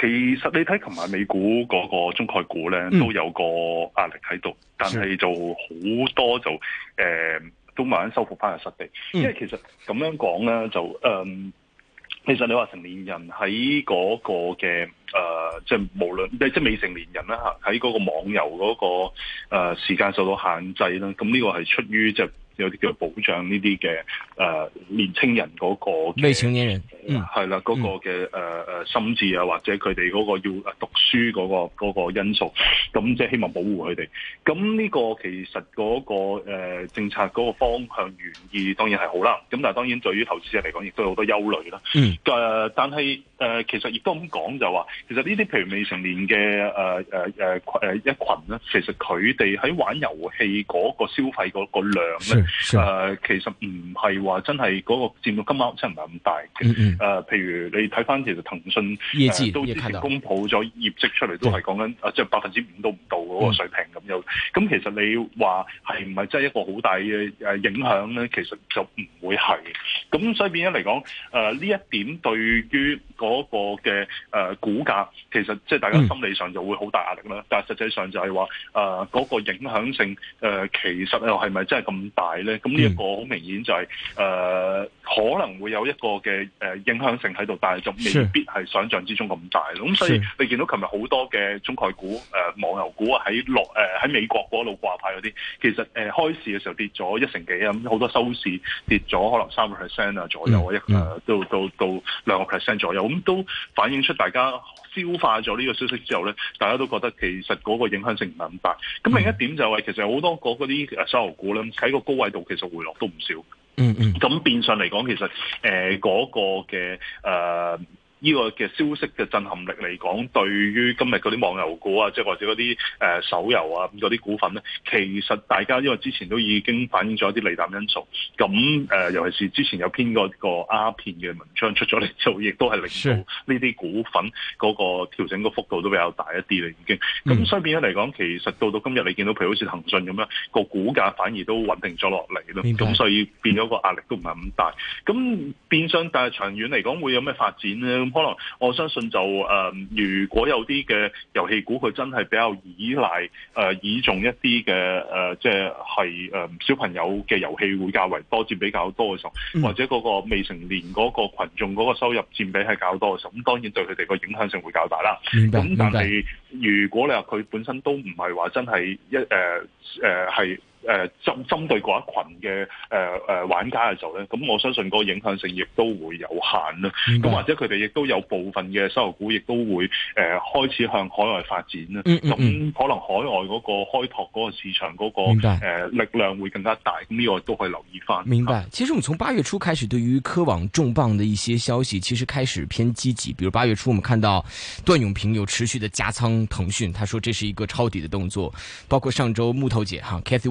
其實你睇琴晚美股嗰個中概股咧，嗯、都有個壓力喺度，但係就好多就誒、呃、都慢慢收復翻個失地，嗯，因為其實咁樣講咧就誒、嗯，其實你話成年人喺嗰個嘅誒，即、呃、係、就是、無論即係未成年人啦吓，喺嗰個網遊嗰、那個誒、呃、時間受到限制啦，咁呢個係出於即係。就是有啲叫保障呢啲嘅誒年青人嗰個未成年人，係啦嗰個嘅誒誒心智啊，或者佢哋嗰個要誒讀書嗰個嗰個因素，咁即係希望保護佢哋。咁呢個其實嗰個誒政策嗰個方向原意當然係好啦。咁但係當然對於投資者嚟講亦都有好多憂慮啦。誒、嗯呃，但係誒其實亦都咁講就話，其實呢啲譬如未成年嘅誒誒誒誒一群咧，其實佢哋喺玩遊戲嗰個消費嗰個量咧。呃、其實唔係話真係嗰個佔到金額真係唔係咁大，誒、嗯嗯呃、譬如你睇翻其實騰訊都公布咗業績出嚟的、啊就是，都係講緊即係百分之五都唔到嗰個水平咁樣。咁、嗯嗯、其實你話係唔係真係一個好大嘅影響咧？其實就唔會係。咁所以變咗嚟講，呢、呃、一點對於嗰個嘅誒、呃、股價，其實即係大家心理上就會好大壓力啦。嗯、但係實際上就係話誒嗰個影響性誒、呃、其實又係咪真係咁大？咧，咁呢一個好明顯就係、是、誒、嗯呃、可能會有一個嘅誒、呃、影響性喺度，但係仲未必係想象之中咁大咁，、嗯、所以你見到琴日好多嘅中概股、誒、呃、網遊股喺落喺美國嗰度掛牌嗰啲，其實誒、呃、開市嘅時候跌咗一成幾啊，咁、嗯、好多收市跌咗可能三個 percent 啊左右啊，一誒到到到兩個 percent 左右，咁、嗯嗯嗯、都反映出大家。消化咗呢個消息之後咧，大家都覺得其實嗰個影響性唔係咁大。咁另一點就係、是 mm hmm. 其實好多嗰啲誒收入股咧，喺個高位度其實回落都唔少。嗯嗯、mm。咁、hmm. 變相嚟講，其實誒嗰、呃那個嘅誒。呃呢個嘅消息嘅震撼力嚟講，對於今日嗰啲網遊股啊，或者嗰啲誒手遊啊嗰啲股份呢，其實大家因為之前都已經反映咗一啲利淡因素咁，誒、呃、尤其是之前有編過個鴉片嘅文章出咗嚟，就亦都係令到呢啲股份嗰個調整個幅度都比較大一啲啦，已經咁所以變咗嚟講，其實到到今日你見到譬如好似騰訊咁樣個股價反而都穩定咗落嚟，咁所以變咗個壓力都唔係咁大咁，變相但係長遠嚟講會有咩發展呢？可能我相信就誒、呃，如果有啲嘅遊戲股，佢真係比較依賴誒、呃、倚重一啲嘅誒，即係誒、呃、小朋友嘅遊戲會較為多，佔比較多嘅時候，嗯、或者嗰個未成年嗰個群眾嗰個收入佔比係較多嘅時候，咁當然對佢哋個影響性會較大啦。咁明白。但係明白。如果你話佢本身都唔係話真係一誒誒係。呃呃誒針針對嗰一群嘅玩家嘅時候呢，咁我相信嗰個影響性亦都會有限啦。咁或者佢哋亦都有部分嘅收入股亦都會誒開始向海外發展啦。咁可能海外嗰個開拓嗰個市場嗰個力量會更加大。咁呢個都可以留意翻。明白。其實我哋從八月初開始，對於科網重磅嘅一些消息，其實開始偏積極。比如八月初，我們看到段永平有持續的加倉騰訊，佢說這是一個抄底嘅動作。包括上週木頭姐哈 Kathy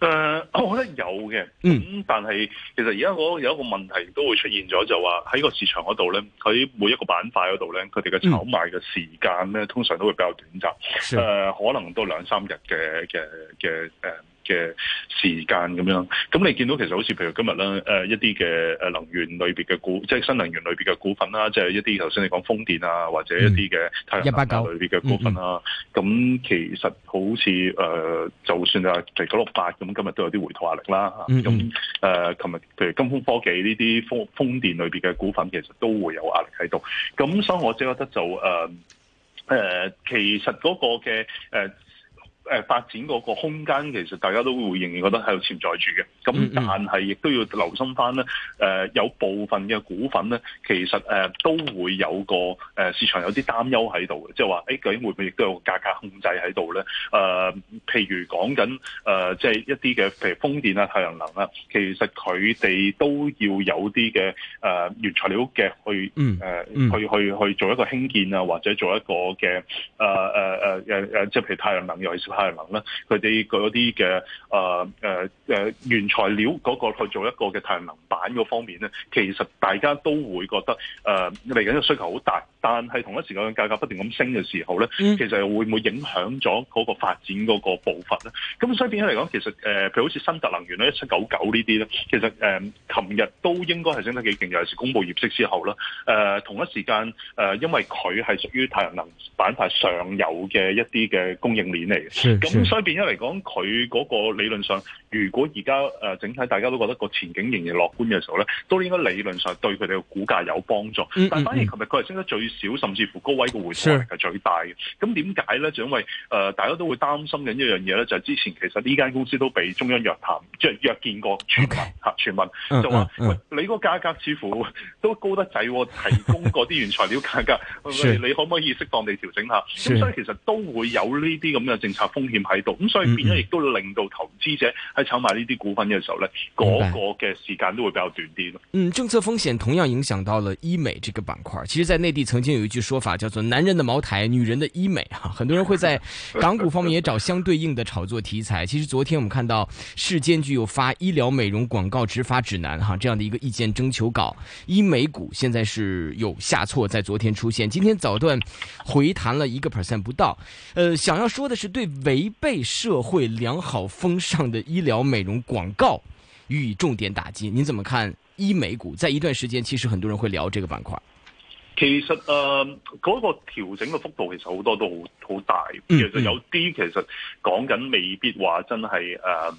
誒、呃，我覺得有嘅，咁、嗯、但係其實而家我有一個問題都會出現咗，就話喺個市場嗰度咧，喺每一個板塊嗰度咧，佢哋嘅炒賣嘅時間咧，通常都會比較短暫，誒、呃，可能都兩三日嘅嘅嘅誒。嘅時間咁樣，咁你見到其實好似譬如今日咧、呃，一啲嘅能源類別嘅股，即係新能源類別嘅股份啦，即係一啲頭先你講風電啊，或者一啲嘅太陽能類別嘅股份啦。咁、嗯嗯嗯、其實好似、呃、就算啊，譬如九六八咁，今日都有啲回吐壓力啦。咁誒、嗯，琴、嗯、日、呃、譬如金風科技呢啲風,風電類別嘅股份，其實都會有壓力喺度。咁所以我只覺得就誒、呃呃、其實嗰個嘅誒。呃誒發展嗰個空間其實大家都會仍然覺得喺度潛在住嘅，咁但係亦都要留心翻咧。誒有部分嘅股份咧，其實誒都會有個誒市場有啲擔憂喺度，即係話究竟會唔會亦都有價格控制喺度咧？誒、呃、譬如講緊誒即係一啲嘅，譬如風電啊、太陽能啊，其實佢哋都要有啲嘅誒原材料嘅去、呃、去去去做一個興建啊，或者做一個嘅誒誒誒誒誒，即、呃、係、呃、譬如太陽能太陽能咧，佢哋嗰啲嘅誒誒誒原材料嗰個去做一個嘅太陽能板嗰方面咧，其實大家都會覺得誒嚟緊嘅需求好大，但係同一時間價格不斷咁升嘅時候咧，其實會唔會影響咗嗰個發展嗰個步伐咧？咁所以變咗嚟講，其實誒、呃，譬如好似新特能源咧、一七九九呢啲咧，其實誒，琴、呃、日都應該係升得幾勁，尤其是公布業績之後啦。誒、呃、同一時間誒、呃，因為佢係屬於太陽能板塊上游嘅一啲嘅供應鏈嚟嘅。咁所以變咗嚟講，佢嗰個理論上，如果而家誒整體大家都覺得個前景仍然樂觀嘅時候咧，都應該理論上對佢哋嘅股價有幫助。嗯嗯嗯、但反而琴日佢係升得最少，甚至乎高位個回吐力係最大嘅。咁點解咧？就因為誒、呃、大家都會擔心緊一樣嘢咧，就係、是、之前其實呢間公司都俾中央約談，即係約見過全民吓 Okay.，全民就話、uh, uh, uh, uh, 你個價格似乎都高得滯，提供嗰啲原材料價格， 是你可唔可以適當地調整下？咁是所以其實都會有呢啲咁嘅政策。風險喺度，咁所以變咗亦都令到投資者喺炒賣呢啲股份嘅時候呢、嗰個嘅時間都會比較短啲咯。嗯，政策風險同樣影響到了醫美這個板塊。其實，在內地曾經有一句說法叫做“男人的茅台，女人的醫美”哈，很多人會在港股方面也找相對應的炒作題材。其實，昨天我們看到市監局又發醫療美容廣告執法指南哈，這樣的一個意見徵求稿，醫美股現在是有下挫，在昨天出現，今天早段回彈了一個 percent 不到。呃，想要說的是對。違背社會良好風尚的醫療美容廣告，予以重點打擊。你怎麼看醫美股在一段時間？其實很多人會聊這個板塊。其實呃，嗰個調整嘅幅度其實好多都好好大，其實有啲其實講緊未必話真係呃。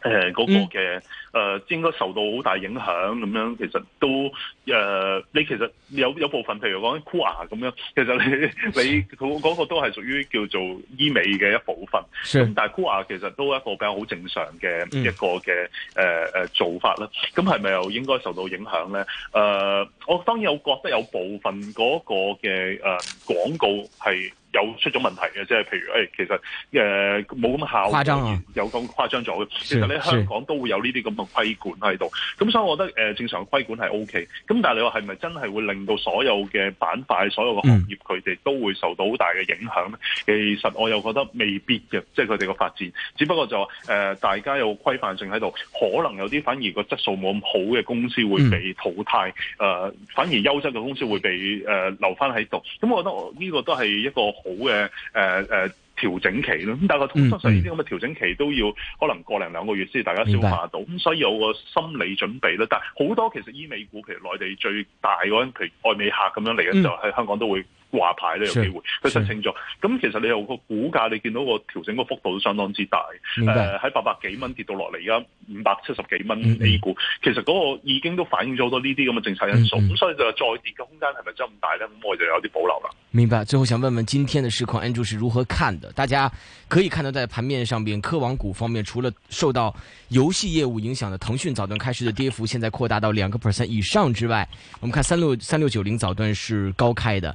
誒、嗰、呃那個嘅誒、嗯呃，應該受到好大影響咁樣。其實都誒、呃，你其實有有部分，譬如講箍牙咁樣。其實你你佢嗰個都係屬於叫做醫美嘅一部分。咁的但係箍牙其實都係一個比較好正常嘅一個嘅誒誒做法啦。咁係咪又應該受到影響咧？誒、呃，我當然有覺得有部分嗰個嘅誒廣告係。有出咗問題嘅，即係譬如誒，其實誒冇咁效，有咁誇張咗嘅。其實咧，香港都會有呢啲咁嘅規管喺度。咁是所以，我覺得誒、呃、正常規管係 O K。咁但係你話係咪真係會令到所有嘅板塊、所有嘅行業，佢哋都會受到好大嘅影響咧？嗯、其實我又覺得未必嘅，即係佢哋嘅發展，只不過就誒、呃、大家有規範性喺度，可能有啲反而個質素冇咁好嘅公司會被淘汰，誒、嗯呃、反而優質嘅公司會被誒、呃、留翻喺度。咁我覺得呢個都係一個。好嘅誒誒調整期咯，咁但個通通上呢啲咁嘅調整期都要可能過零兩個月先至大家消化到，咁白所以有個心理準備咯。但好多其實醫美股，譬如內地最大嗰陣，譬如愛美客咁樣嚟嘅時候，喺、嗯、香港都會。掛牌咧有機會，非常清楚。咁其實你有個股價，你見到個調整個幅度都相當之大。誒白，喺八百幾蚊跌到落嚟，而家五百七十幾蚊 A 股，嗯、其實嗰個已經都反映咗好多呢啲咁嘅政策因素。咁、嗯、所以就再跌嘅空間係咪真咁大呢？咁我就有啲保留啦。明白。最後想問問今天的市況，Andrew 是如何看的？大家可以看到在盤面上邊，科網股方面，除了受到遊戲業務影響的騰訊早段開始的跌幅，現在擴大到兩個 percent 以上之外，我們看三六三六九零早段是高開的。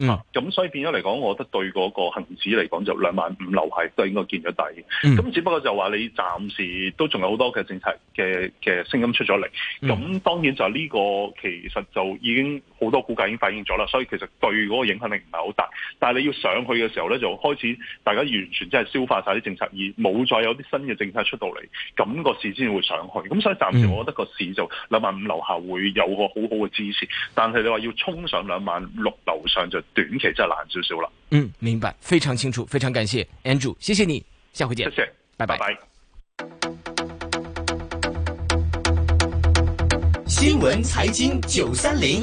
咁、mm hmm. 所以變咗嚟講，我覺得對嗰個恆指嚟講就兩萬五樓係都應該見咗底。咁、mm hmm. 只不過就話你暫時都仲有好多嘅政策嘅嘅聲音出咗嚟。咁當然就係呢個其實就已經。好多估計已經反映咗啦，所以其實對嗰個影響力唔係好大。但係你要上去嘅時候咧，就開始大家完全真係消化晒啲政策，而冇再有啲新嘅政策出到嚟，咁、那個市先會上去。咁所以暫時我覺得個市就兩、嗯、萬五樓下會有個好好嘅支持，但係你話要衝上兩萬六樓上就短期真係難少少啦。嗯，明白，非常清楚，非常感謝 Andrew，謝謝你，下回見，多謝，謝，拜拜。拜拜。新聞財經九三零。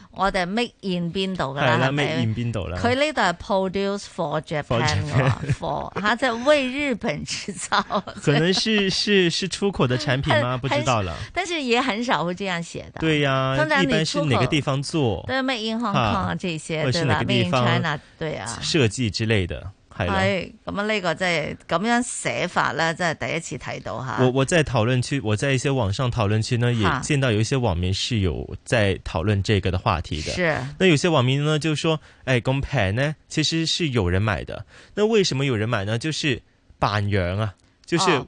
我哋 make in 邊度噶啦？make in 邊度啦？佢呢度係 produce for Japan 喎，for 嚇即係為日本製造。可能是是是出口的產品嗎？不知道了，但是也很少會這樣寫的。對呀，一般是哪個地方做。對，make in Hong Kong 這些，對吧？make in China，對啊，設計之類的。係咁啊！呢、哎、個即係咁樣寫法咧，真係第一次睇到吓。哈我我在討論區，我在一些網上討論區呢，也見到有一些網民是有在討論這個的話題的。是，那有些網民呢就說：誒、哎，公平呢其實是有人買的，那為什麼有人買呢？就是版權啊，就是、哦。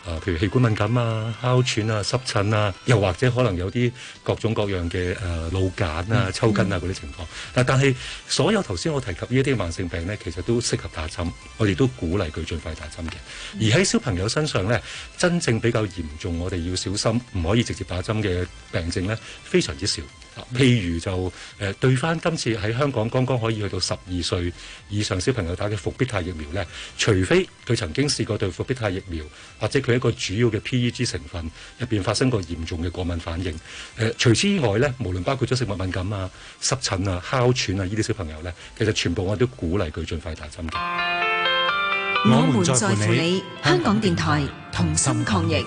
啊、呃，譬如氣管敏感啊、哮喘啊、濕疹啊，又或者可能有啲各種各樣嘅誒腦梗啊、抽筋啊嗰啲情況、嗯嗯啊。但係所有頭先我提及呢一啲慢性病呢，其實都適合打針，我哋都鼓勵佢最快打針嘅。而喺小朋友身上呢，真正比較嚴重，我哋要小心，唔可以直接打針嘅病症呢，非常之少，啊。譬如就誒、呃、對翻今次喺香港剛剛可以去到十二歲以上小朋友打嘅復必泰疫苗呢，除非佢曾經試過對復必泰疫苗或者佢一個主要嘅 PEG 成分入邊發生過嚴重嘅過敏反應。誒、呃，除此以外咧，無論包括咗食物敏感啊、濕疹啊、哮喘啊呢啲小朋友咧，其實全部我都鼓勵佢盡快打針。我們在乎你，香港電台同心抗疫。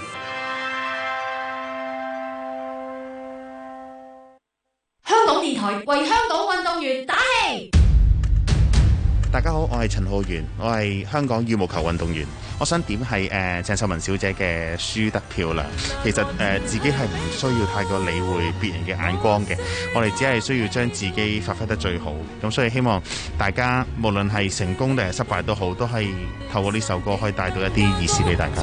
香港電台為香港運動員打氣。大家好，我係陳浩源，我係香港羽毛球運動員。我想點係呃鄭秀文小姐嘅《輸得漂亮》。其實，呃，自己係唔需要太過理會別人嘅眼光嘅，我哋只係需要將自己發揮得最好。咁所以希望大家無論係成功定係失敗都好，都係透過呢首歌可以帶到一啲意思俾大家。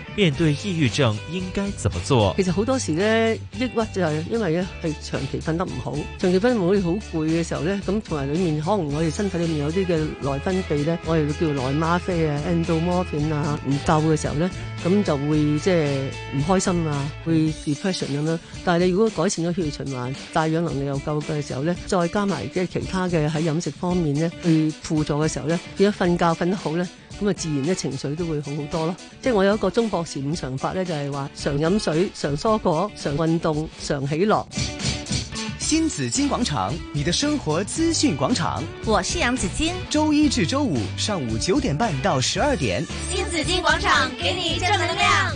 面對抑鬱症應該怎麼做？其實好多時呢，抑鬱就係因為咧係長期瞓得唔好，長期瞓得好攰嘅時候咧，咁同埋裏面可能我哋身體裏面有啲嘅內分泌咧，我哋叫內嗎啡啊、endorphin 啊唔夠嘅時候咧，咁就會即係唔開心啊，會 depression 咁樣。但係你如果改善咗血液循環、帶氧能力又夠嘅時候咧，再加埋即係其他嘅喺飲食方面咧去輔助嘅時候咧，如果瞓覺瞓得好咧。咁啊，自然咧情緒都會好好多咯。即係我有一個中博士五常法咧，就係話常飲水、常蔬果、常運動、常喜樂。新紫荊廣場，你的生活資訊廣場，我是楊子矜。周一至周五上午九點半到十二點。新紫荊廣場，給你正能量。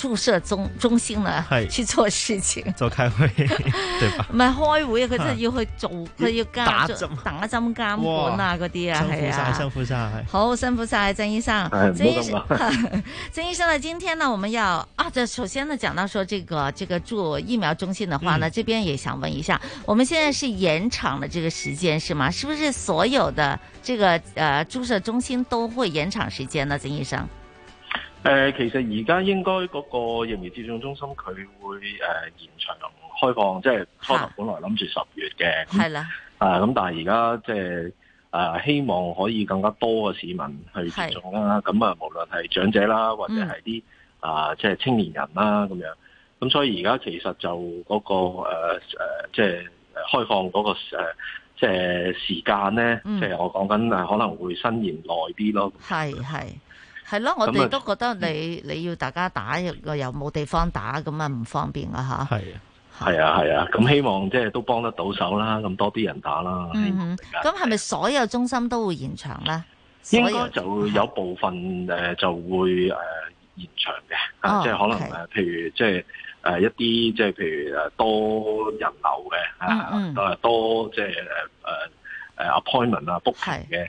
注射中中心呢去做事情，做開會，對吧？唔係開會啊，佢真係要去做，佢要監打針，打針監管啊嗰啲啊，係啊。好辛苦晒，曾醫生，曾醫生，曾醫生呢？今天呢，我們要啊，這首先呢，講到說這個這個做疫苗中心的話呢，這邊也想問一下，我們現在是延長了這個時間是嗎？是不是所有的這個呃注射中心都會延長時間呢？曾醫生？誒、呃，其實而家應該嗰個疫苗接種中心佢會誒、呃、延長開放，即係初頭本來諗住十月嘅，係啦。啊，咁、嗯的呃、但係而家即係啊，希望可以更加多嘅市民去接種啦。咁是啊，無論係長者啦，或者係啲、嗯、啊，即係青年人啦，咁樣。咁、嗯、所以而家其實就嗰、嗰個誒誒、呃，即係開放嗰、嗰個誒即係時間咧，即係、嗯、我講緊啊，可能會伸延耐啲咯。係係。係咯，我哋都覺得你你要大家打，又又冇地方打，咁啊唔方便啊嚇。係啊，係啊，係啊，咁希望即係都幫得到手啦，咁多啲人打啦。嗯嗯，咁係咪所有中心都會延長咧？應該就有部分誒就會誒延長嘅，哦、的即係可能誒，譬如即係誒一啲即係譬如誒多人流嘅啊，嗯嗯多即係誒誒誒 appointment 啊 book 嘅。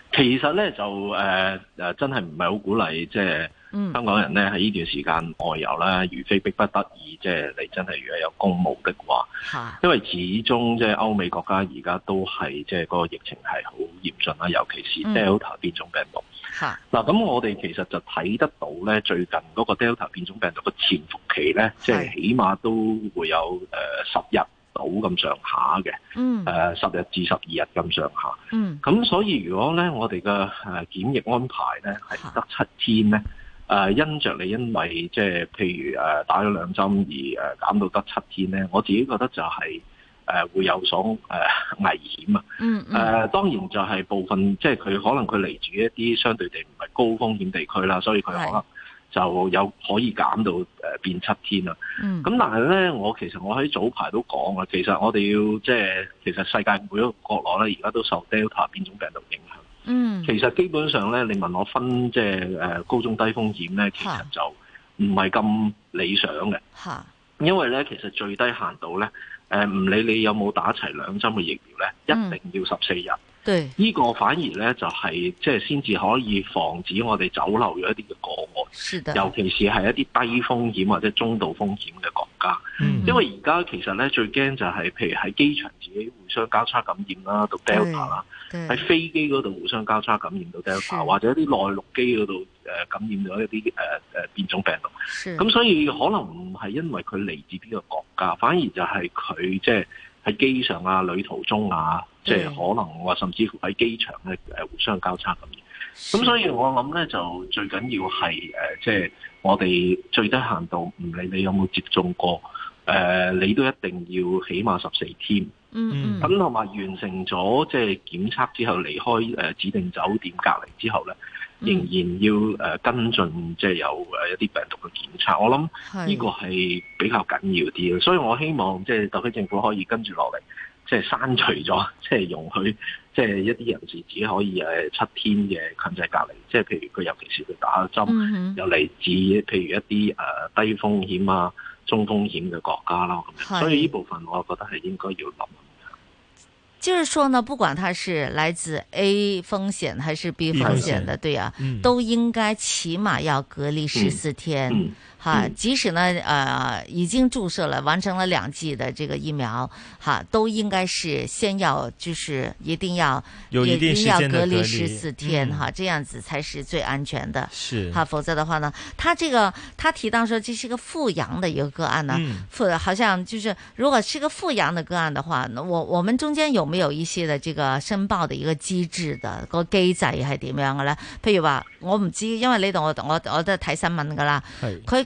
其實咧就誒、呃、真係唔係好鼓勵，即係香港人咧喺呢段時間外遊啦，如非逼不得已，即係你真係如果有公務的話，因為始終即係歐美國家而家都係即係、嗰個疫情係好嚴峻啦，尤其是 Delta 變種病毒。嗱咁、嗯啊、我哋其實就睇得到咧，最近嗰個 Delta 變種病毒嘅潛伏期咧，是即係起碼都會有十日。呃到咁上下嘅，誒十日至十二日咁上下，咁所以如果咧我哋嘅誒檢疫安排咧係得七天咧，誒、啊、因着你因為即係譬如誒打咗兩針而誒減到得七天咧，我自己覺得就係、是、誒、啊、會有所誒危險啊，啊，當然就係部分即係佢可能佢嚟自一啲相對地唔係高風險地區啦，所以佢可能。就有可以減到誒、呃、變七天啦。咁、嗯、但係咧，我其實我喺早排都講啊，其實我哋要即係其實世界每一個角落咧，而家都受 Delta 變種病毒影響。嗯、其實基本上咧，你問我分即係、呃、高中低風險咧，其實就唔係咁理想嘅。嗯、因為咧，其實最低限度咧、呃、唔理你有冇打齊兩針嘅疫苗咧，一定要十四日。呢對個反而咧，就係即係先至可以防止我哋走漏咗一啲嘅個案，的尤其是係一啲低風險或者中度風險嘅國家。嗯、因為而家其實咧，最驚就係、是、譬如喺機場自己互相交叉感染啦，到 Delta 啦，喺飛機嗰度互相交叉感染到 Delta，是或者啲內陸機嗰度誒感染咗一啲誒誒變種病毒。咁是所以可能唔係因為佢嚟自邊個國家，反而就係佢即係喺機上啊、旅途中啊。即係可能話，甚至乎喺機場咧誒互相交叉咁。咁所以我諗咧，就最緊要係誒，即係我哋最低限度唔理你有冇接種過，誒你都一定要起碼十四天。嗯。咁同埋完成咗即係檢測之後離開誒指定酒店隔離之後咧，仍然要誒跟進，即係有誒一啲病毒嘅檢測。我諗呢個係比較緊要啲咯。所以我希望即係特區政府可以跟住落嚟。即係刪除咗，即係容許，即係一啲人士只可以誒七天嘅強制隔離。即係譬如佢，尤其是佢打咗針，又嚟自譬如一啲誒低風險啊、中風險嘅國家囉，咁樣。是所以呢部分，我覺得係應該要諗。就是說呢，不管他是來自 A 風險還是 B 風險嘅，嗯、對啊，都應該起碼要隔離十四天。嗯嗯。哈，即使呢，呃，已經注射了，完成了兩劑的這個疫苗，哈，都應該是先要，就是一定要，一定,也一定要隔離十四天，嗯、哈，這樣子才是最安全的。是，哈，否則的話呢，他這個他提到說這是個復陽的一個個案呢，復、嗯，好像就是如果是個復陽的個案的話，那我我們中間有沒有一些的這個申報的一個機制的個機制是點樣嘅呢？譬如話，我唔知，因為呢度我我我都睇新聞噶啦，係嘿，佢。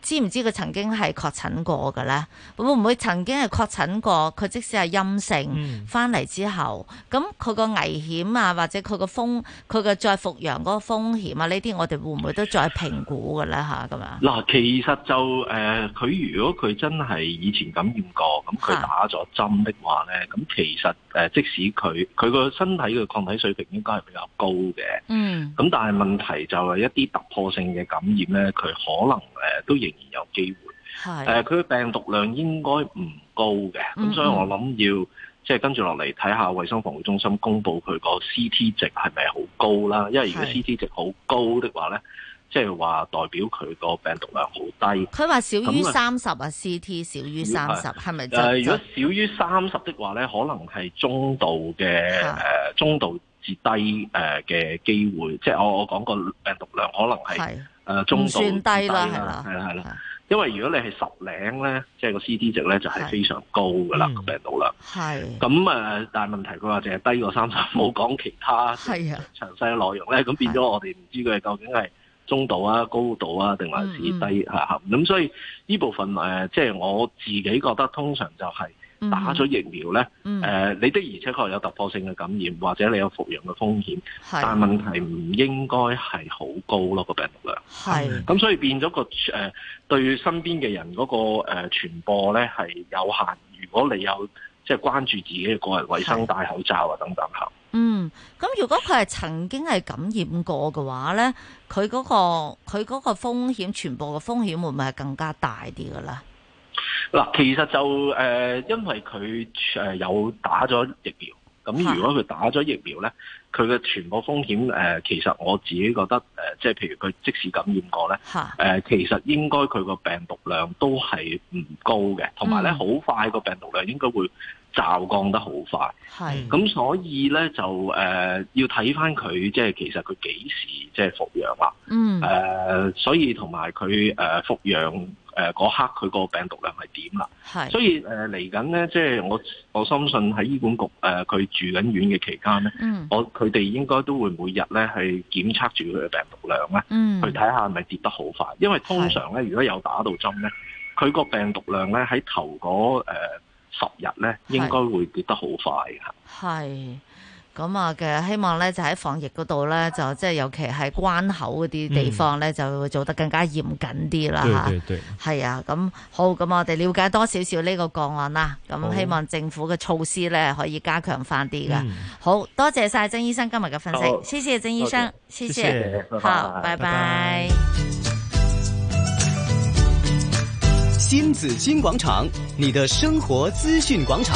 知唔知佢曾經係確診過嘅咧？會唔會曾經係確診過，佢即使係陰性，翻嚟之後，咁佢個危險啊，或者佢個風，佢嘅再復陽嗰個風險啊，呢啲我哋會唔會都再評估嘅咧？吓咁樣嗱，其實就誒佢，呃、如果佢真係以前感染過咁佢打咗針的話咧，咁，啊，其實誒即使佢佢個身體嘅抗體水平應該係比較高嘅，嗯，咁但係問題就係一啲突破性嘅感染咧，佢可能。誒，都仍然有機會。係誒是，佢嘅、呃、病毒量應該唔高嘅，咁、嗯、所以我諗要即係跟住落嚟睇下衛生防護中心公布佢個 CT 值係咪好高啦？因為如果 CT 值好高的話咧，是即係話代表佢個病毒量好低。佢話小於三十啊，CT 小於三十，係咪、呃、如果小於三十的話咧，可能係中度嘅是、呃、中度至低嘅機、呃、會。即係我我講個病毒量可能係。誒，中度算低啦，係啦，係啦，係啦。因為如果你係十零咧，即係個 CD 值咧就係非常高噶啦，個病毒啦。係。咁啊，但係問題佢話淨係低過三十，冇講其他詳細嘅內容咧，咁變咗我哋唔知佢係究竟係中度啊、高度啊，定還是低，咁所以呢部分誒，即係我自己覺得通常就係。打咗疫苗咧，誒、嗯嗯呃、你的而且確有突破性嘅感染，或者你有復陽嘅風險，是但問題唔應該係好高咯，個病毒量。咁是所以變咗個誒、呃、對身邊嘅人嗰、那個誒、呃、傳播咧係有限。如果你有即係、就是、關注自己嘅個人衛生、是戴口罩啊等等吓嗯，咁如果佢係曾經係感染過嘅話咧，佢嗰、那個佢嗰個風險傳播嘅風險會唔會係更加大啲噶啦？嗱，其實就誒、呃，因為佢誒、呃、有打咗疫苗，咁如果佢打咗疫苗咧，佢嘅傳播風險誒、呃，其實我自己覺得誒，即、呃、係譬如佢即使感染過咧，誒的、呃，其實應該佢個病毒量都係唔高嘅，同埋咧好快個病毒量應該會驟降得好快。係咁，所以咧就誒要睇翻佢，即係其實佢幾時即係復陽啦。嗯，誒，所以同埋佢誒復誒，嗰、呃、刻佢個病毒量係點啦？係是，所以誒嚟緊咧，即係我我深信喺醫管局誒，佢、呃、住緊院嘅期間咧，嗯、我佢哋應該都會每日咧去檢測住佢嘅病毒量咧，嗯、去睇下係咪跌得好快。因為通常咧，是如果有打到針咧，佢個病毒量咧喺頭嗰誒十日咧，應該會跌得好快嘅。係。咁啊嘅希望咧，就喺防疫嗰度咧，就即係尤其係關口嗰啲地方咧，就會做得更加嚴謹啲啦吓，係啊，對對對。咁好，咁我哋了解多少少呢個個案啦。咁希望政府嘅措施咧可以加強翻啲噶。嗯、好多謝晒曾醫生今日嘅分析，好謝謝曾醫生，好謝謝，謝謝好，拜拜 bye。新 bye 紫荊廣場，你的生活資訊廣場。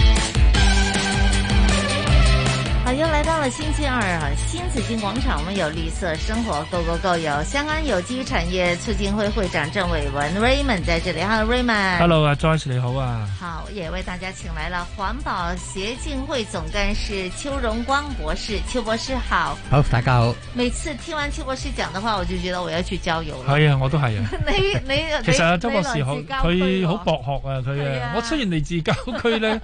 好，又來到了星期二啊！新紫荊廣場，我們有綠色生活 Go Go Go，有香港有機產業促進會會長鄭偉文 Raymond 在這裏。Hello，Raymond。Hello，啊 Joyce，你好啊。好，也為大家請來了環保協進會總幹事邱榮光博士。邱博士好。好，大家好。每次聽完邱博士講的話，我就覺得我要去郊遊了。係啊，我都係啊。你你其實啊，邱博士好，佢好博學啊，佢啊。我雖然嚟自郊區呢。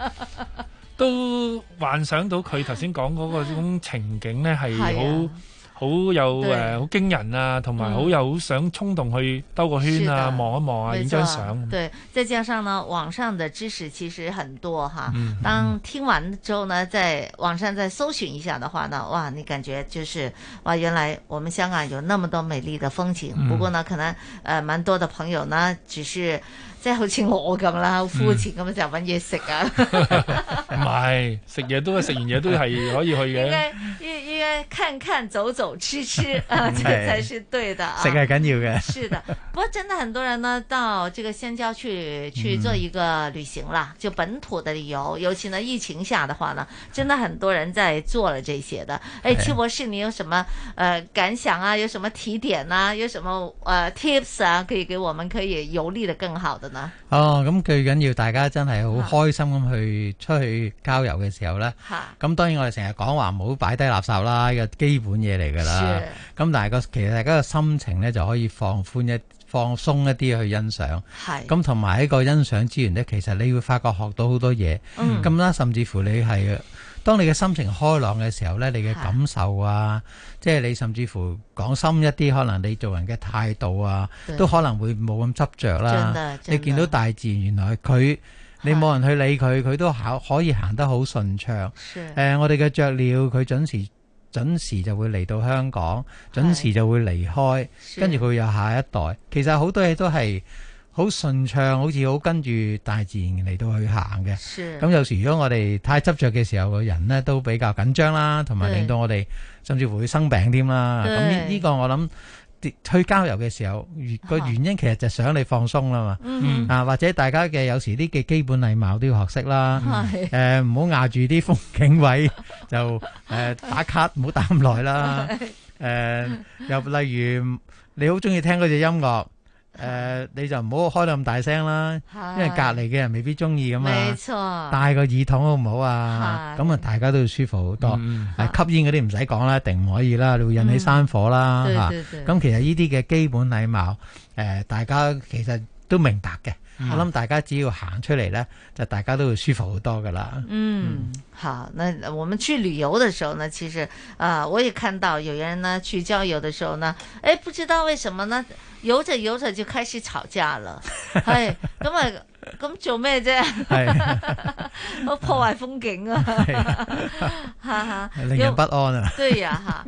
都幻想到佢頭先講嗰個種情景呢係好好有誒好驚人啊，同埋好有想衝動去兜個圈啊、望的一望啊、影張相。對，再加上呢，網上的知識其實很多哈。嗯、哼當聽完之後呢，在網上再搜尋一下的話呢，哇！你感覺就是哇，原來我們香港有那麼多美麗的風景。不過呢，可能誒，蠻、呃、多的朋友呢，只是。好似我咁啦，好膚淺咁就揾嘢食啊！唔係食嘢都係食完嘢都係可以去嘅。應該應該看看走走吃吃啊，這才是對的啊！食係緊要嘅。 是的，不過真的很多人呢，到這個鄉郊去去做一個旅行啦，嗯、就本土的旅遊，尤其呢疫情下的話呢，真的很多人在做了這些的。誒、哎，邱是博士，你有什麼呃感想啊？有什麼提點啊？有什麼呃 tips 啊？可以給我們可以遊歷得更好的呢？哦，咁最緊要大家真係好開心咁去出去郊遊嘅時候呢。咁的當然我哋成日講話唔好擺低垃圾啦，個基本嘢嚟噶啦。咁的但係個其實大家個心情呢，就可以放寬一放鬆一啲去欣賞，咁同埋一個欣賞之餘呢，其實你會發覺學到好多嘢。咁啦、嗯，甚至乎你係。當你嘅心情開朗嘅時候呢，你嘅感受啊，是即係你甚至乎講深一啲，可能你做人嘅態度啊，對都可能會冇咁執着啦、啊。你見到大自然原來佢，你冇人去理佢，佢都可以行得好順暢。誒，我哋嘅雀鳥佢準時準時就會嚟到香港，準時就會離是開，跟住佢有下一代。其實好多嘢都係。好順暢，好似好跟住大自然嚟到去行嘅。咁有時如果我哋太執著嘅時候，個人咧都比較緊張啦，同埋令到我哋甚至乎會生病添啦。咁呢個我諗去郊遊嘅時候，個原因其實就係想你放鬆啦嘛。啊，或者大家嘅有時啲嘅基本禮貌都要學識啦。誒，唔好壓住啲風景位就誒打卡，唔好打咁耐啦。誒，又例如你好中意聽嗰隻音樂。誒、呃，你就唔好開得咁大聲啦，的因為隔籬嘅人未必中意咁嘛。冇錯錯戴個耳筒好唔好啊？咁啊的，大家都舒服好多。嗯、吸煙嗰啲唔使講啦，一定唔可以啦，你會引起山火啦。吓、嗯，咁、啊、其實呢啲嘅基本禮貌，誒、呃，大家其實都明白嘅，嗯、我諗大家只要行出嚟咧，就大家都會舒服好多㗎喇。嗯，嗯好，那我們去旅遊的時候呢，其實啊，我也看到有人呢去郊遊的時候呢，誒，不知道為什麼呢，遊着遊着就開始吵架了。 哎，咁啊，咁做咩啫？係， 好破壞風景啊，吓吓，令人不安啊， 對啊，吓、啊。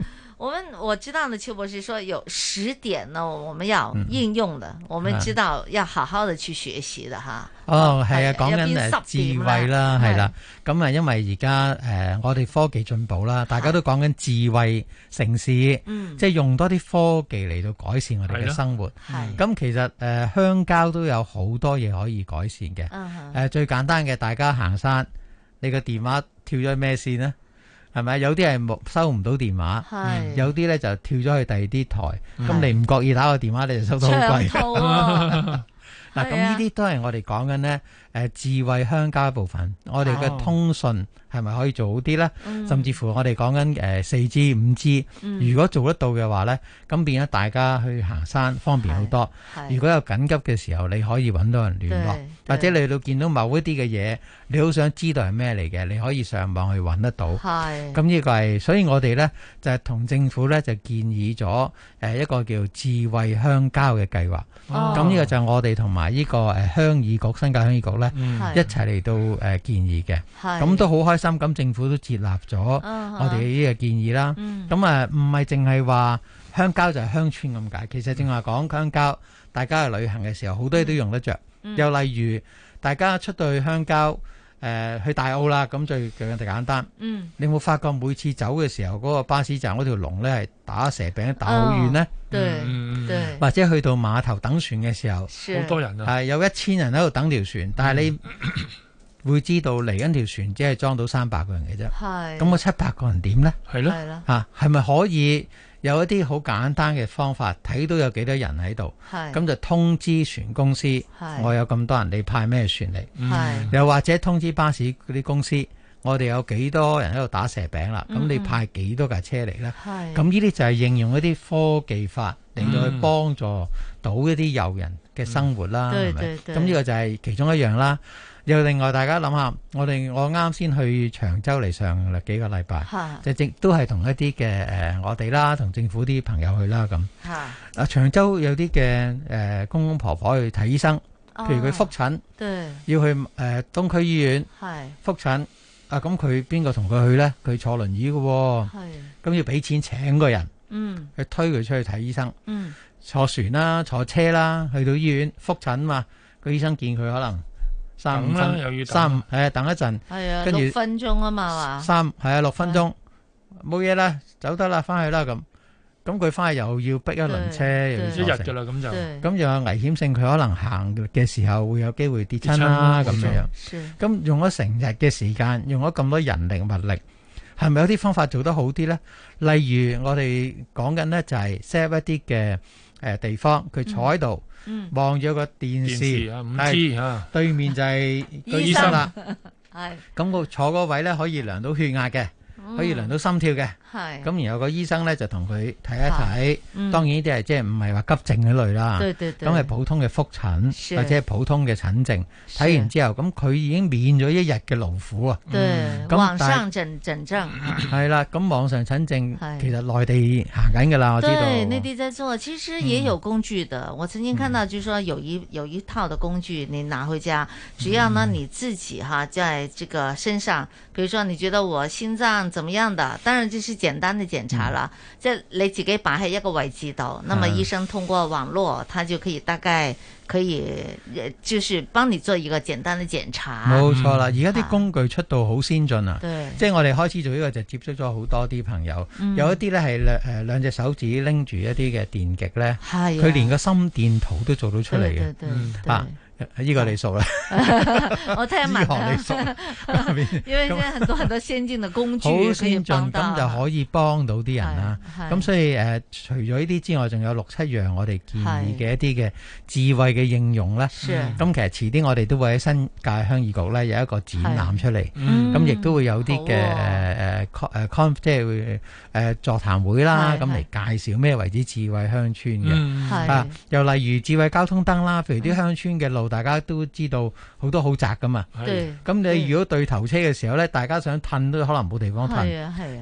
我知道呢，邱博士說有十點呢，我們要應用的，我們知道要好好的去學習的哈。哦，係啊，講緊智慧啦，係啦，咁啊，因為而家誒我哋科技進步啦，大家都講緊智慧城市，即係用多啲科技嚟到改善我哋嘅生活。咁，其實誒鄉郊都有好多嘢可以改善嘅。誒，最簡單嘅，大家行山，你個電話跳咗咩線呢？係咪？有啲係冇收唔到電話，是有啲咧就跳咗去第二啲台。咁是、嗯、你唔覺意打個電話，你就收到好貴。長途啊！嗱，咁呢啲都係我哋講緊咧。誒、呃、智慧鄉郊部分，oh. 我哋嘅通訊係咪可以做好啲咧？Mm. 甚至乎我哋講緊誒四 G 五 G，mm. 如果做得到嘅話咧，咁變咗大家去行山方便好多。如果有緊急嘅時候，你可以揾到人聯絡，或者你到見到某一啲嘅嘢，你好想知道係咩嚟嘅，你可以上網去揾得到。係咁呢個係，所以我哋咧就係、是、同政府咧就建議咗誒一個叫智慧鄉郊嘅計劃。咁呢個就係我哋同埋呢個誒鄉議局、新界鄉議局。咧、嗯、一齊嚟到誒是、呃、建議嘅，咁是都好開心。咁政府都接納咗我哋呢個建議啦。咁啊、嗯，唔係淨係話鄉郊就係鄉村咁解，嗯、其實正話講鄉郊，大家去旅行嘅時候好多嘢都用得着。嗯、又例如大家出到去鄉郊。誒、呃，去大澳啦，咁最最簡單。嗯，你有冇發覺每次走嘅時候，嗰、那個巴士站嗰條龍咧係打蛇餅打好遠呢、哦，對，嗯、對，或者去到碼頭等船嘅時候，好多是人係有一千人喺度等條船，但係你、嗯、會知道嚟緊條船只係裝到三百個人嘅啫。係的，咁我七百個人點呢？係咯的，係咯、啊，吓係咪可以？有一啲好簡單嘅方法，睇到有幾多人喺度，咁是就通知船公司，是我有咁多人，你派咩船嚟？嗯、又或者通知巴士嗰啲公司，我哋有幾多人喺度打蛇餅啦，咁、嗯、你派幾多架車嚟咧？咁呢啲就係應用一啲科技法，令到去幫助到一啲遊人嘅生活啦。咁呢、嗯、個就係其中一樣啦。又另外，大家諗下，我哋我啱先去長洲嚟上幾個禮拜，即係是都係同一啲嘅誒，我哋啦，同政府啲朋友去啦咁。啊，是長洲有啲嘅誒公公婆婆去睇醫生，譬如佢覆診，啊、對要去誒、呃、東區醫院復是覆診。啊，咁佢邊個同佢去咧？佢坐輪椅嘅喎、哦，咁是要俾錢請個人、嗯、去推佢出去睇醫生。嗯、坐船啦、啊，坐車啦、啊，去到醫院覆診嘛。個醫生見佢可能。三五啦，又要三五，係啊，等一陣，係啊，跟住六分鐘啊嘛，嘛三，係啊，六分鐘，冇嘢啦，走得啦，翻去啦咁。咁佢翻去又要逼一輪車，又要一日噶啦，咁就，咁又有危險性，佢可能行嘅時候會有機會跌親啦，咁樣。咁用咗成日嘅時間，用咗咁多人力物力，係咪有啲方法做得好啲咧？例如我哋講緊咧，就係 set 一啲嘅誒地方，佢坐喺度。望咗個電視，係對面就係個醫生啦，係咁我坐嗰位咧可以量到血壓嘅。可以量到心跳嘅，咁然後個醫生咧就同佢睇一睇，當然呢啲係即係唔係話急症嗰類啦，對對對，咁係普通嘅複診或者係普通嘅診症。睇完之後，咁佢已經免咗一日嘅勞苦啊。對，網上診診症係啦，咁網上診症其實內地行緊噶啦，我知道。內地在做，其實也有工具的。我曾經看到，就說有一有一套的工具，你拿回家，主要呢你自己哈，在這個身上。比如說你覺得我心臟怎麼樣的，當然就是簡單的檢查啦。即係你自己擺喺一個位置度，那麼醫生通過網絡，他就可以大概可以，就是幫你做一個簡單的檢查。冇錯啦，而家啲工具出到好先進啊。對、嗯，即係我哋開始做呢、這個就接觸咗好多啲朋友，嗯、有一啲咧係兩誒兩隻手指拎住一啲嘅電極咧，佢、嗯、連個心電圖都做到出嚟嘅。對，對，對。嗯、啊！呢個你數啦，我聽埋，因為依家很多很多先進嘅工具，好先進咁就可以幫到啲人啦。咁所以誒，除咗呢啲之外，仲有六七樣我哋建議嘅一啲嘅智慧嘅應用咧。咁其實遲啲我哋都會喺新界鄉議局咧有一個展覽出嚟，咁亦都會有啲嘅誒誒 con 誒 con 即係誒座談會啦，咁嚟介紹咩為止智慧鄉村嘅。啊，又例如智慧交通燈啦，譬如啲鄉村嘅路。大家都知道好多好窄噶嘛，咁的你如果對頭車嘅時候呢，的大家想褪都可能冇地方褪。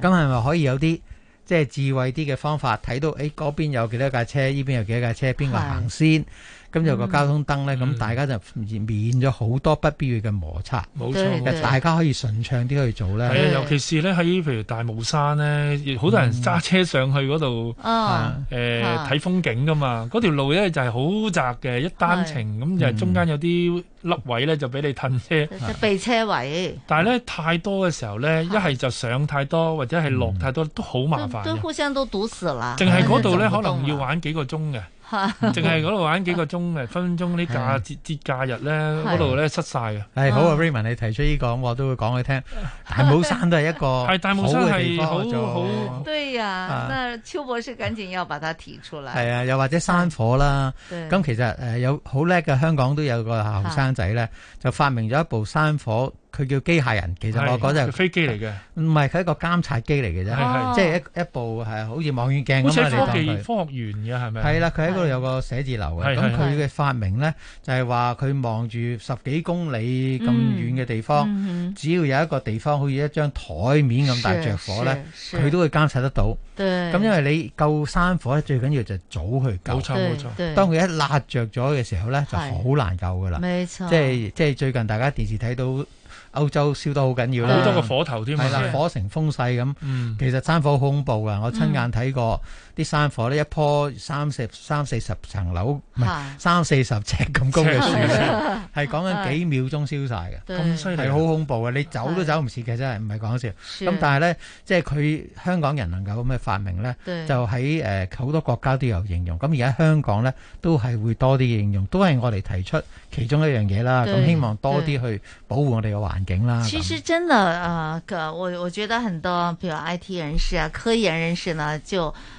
咁係咪可以有啲即係智慧啲嘅方法，睇到誒，哎，嗰邊有幾多架車，呢邊有幾多架車，邊個行先？咁就有個交通燈咧，咁大家就避免咗好多不必要嘅摩擦。冇錯，大家可以順暢啲去做咧。係啊，尤其是咧喺譬如大帽山咧，好多人揸車上去嗰度，睇風景噶嘛。嗰條路咧就係好窄嘅，一單程咁，就中間有啲粒位咧就俾你褪車，就避車位。但係咧太多嘅時候咧，一係就上太多，或者係落太多，都好麻煩。對，互相都堵死啦。淨係嗰度咧，可能要玩幾個鐘嘅。淨係嗰度玩幾個鐘誒分分鐘啲假節節假日咧嗰度咧失晒。嘅、哎。係好啊,啊 Raymond，你提出呢、呢個我都會講佢聽。啊、大帽山都係一個係大帽山係好好。好啊、對呀，嗱邱博士趕緊要把它提出嚟。係啊，又、啊、或者是山火啦。咁、啊、其實誒有好叻嘅香港都有個後生仔咧，就發明咗一部山火。佢叫機械人，其實我講就係飛機嚟嘅，唔係佢係一個監察機嚟嘅啫，即係一一部係好似望遠鏡咁嘅。而且科技科學園嘅係咪？係啦，佢喺嗰度有個寫字樓嘅。咁佢嘅發明咧，就係話佢望住十幾公里咁遠嘅地方，只要有一個地方好似一張台面咁大着火咧，佢都會監察得到。咁因為你救山火最緊要就早去救。冇錯冇錯。當佢一辣着咗嘅時候咧，就好難救㗎啦。冇錯。即係即係最近大家電視睇到。歐洲燒得好緊要啦，好多個火頭添。係啦，火成風勢咁，嗯，其實山火好恐怖㗎，我親眼睇過。嗯啲山火呢，一棵三四三四十層樓，唔係三四十尺咁高嘅樹，係講緊幾秒鐘燒晒嘅，咁然係好恐怖嘅，你走都走唔切嘅，真係，唔係講笑。咁但係咧，即係佢香港人能夠咁嘅發明咧，就喺好多國家都有應用。咁而家香港咧，都係會多啲應用，都係我哋提出其中一樣嘢啦。咁希望多啲去保護我哋嘅環境啦。其實真啊個我我覺得很多，比如 I T 人士啊、科研人士呢就。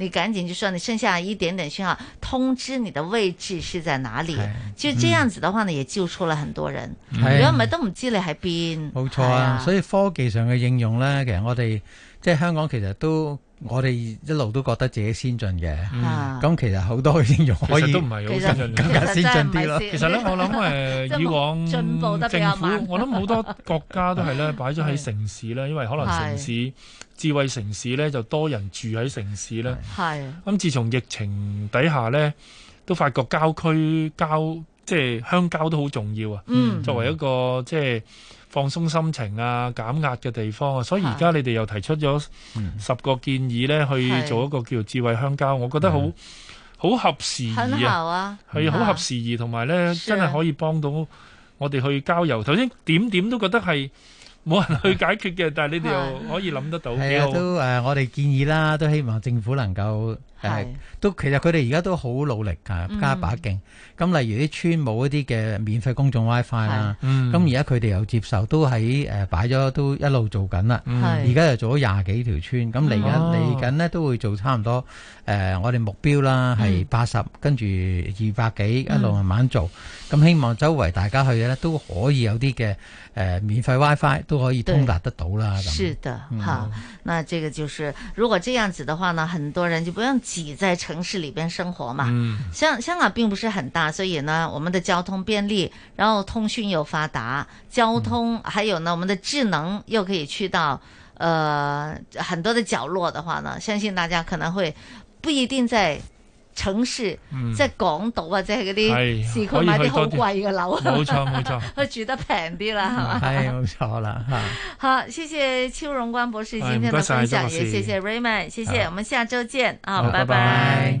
你趕緊就說，你剩下一點點訊號，通知你的位置是在哪裡？是就這樣子的話呢，嗯、也救出了很多人。如果唔係都唔知你喺邊，冇錯啊。啊所以科技上嘅應用呢，其實我哋即係香港，其實都。我哋一路都覺得自己先進嘅，咁其實好多應用可以都唔係好先進，更加先進啲咯。其實呢，我諗誒，以往政府我諗好多國家都係呢擺咗喺城市呢，因為可能城市智慧城市呢，就多人住喺城市呢。係。咁自從疫情底下呢，都發覺郊區郊即係鄉郊都好重要啊。嗯，作為一個即係。放鬆心情啊，減壓嘅地方啊，所以而家你哋又提出咗十個建議呢，去做一個叫智慧鄉郊，我覺得好好的合時宜啊，係好的合時宜，同埋呢，真係可以幫到我哋去郊遊。頭先的點點都覺得係。冇人去解決嘅，但係你哋又可以諗得到，係啊，都誒，我哋建議啦，都希望政府能夠誒，都其實佢哋而家都好努力啊，加把勁。咁例如啲村冇一啲嘅免費公眾 WiFi 啦，咁而家佢哋又接受，都喺誒擺咗，都一路做緊啦。而家又做咗廿幾條村，咁嚟緊嚟緊咧都會做差唔多誒，我哋目標啦係八十，跟住二百幾，一路慢慢做。咁希望周圍大家去嘅呢，都可以有啲嘅誒免費 WiFi 都可以通達得到啦。對樣是的，嗯、哈，那這個就是如果這樣子的話呢，很多人就不用擠在城市裏邊生活嘛。香、嗯、香港並不是很大，所以呢，我們的交通便利，然後通訊又發達，交通、嗯、還有呢，我們的智能又可以去到呃很多的角落的話呢，相信大家可能會不一定在。城市即係港島或者係嗰啲市區買啲好貴嘅樓，冇錯冇錯，佢住得平啲啦，係嘛？係冇錯啦，吓，好，謝謝邱榮光博士今天的分享，也謝謝 Raymond，謝謝，我們下週見啊，拜拜。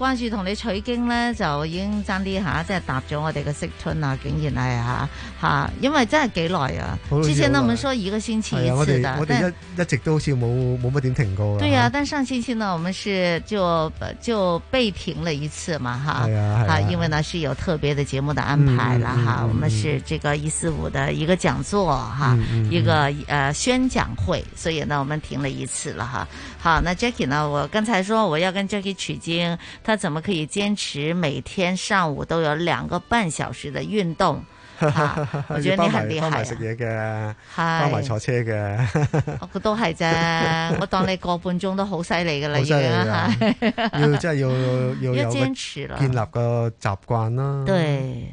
關注同你取經呢就已經爭啲下，即係搭咗我哋嘅 signal 啊！竟然係吓吓，因為真係幾耐啊！之前呢，我們說一個星期一次的，係但、啊、我哋一一直都好似冇冇乜點停過啦。對啊，但上星期呢，我們是就就被停了一次嘛，哈啊，啊因為呢是有特別的節目的安排啦，嗯嗯、哈，我們是這個一四五的一個講座、嗯、哈，嗯、一個呃宣講會，所以呢，我們停了一次了，哈。好，那 Jackie 呢？我剛才說我要跟 Jackie 取經。那怎麼可以堅持每天上午都有兩個半小時的運動 啊？我覺得你很厲害呀、啊！食嘢嘅，包埋 坐車嘅， 我都係啫。我當你個半鐘都了 好犀利噶啦，要真係要要有建立個習慣啦。對。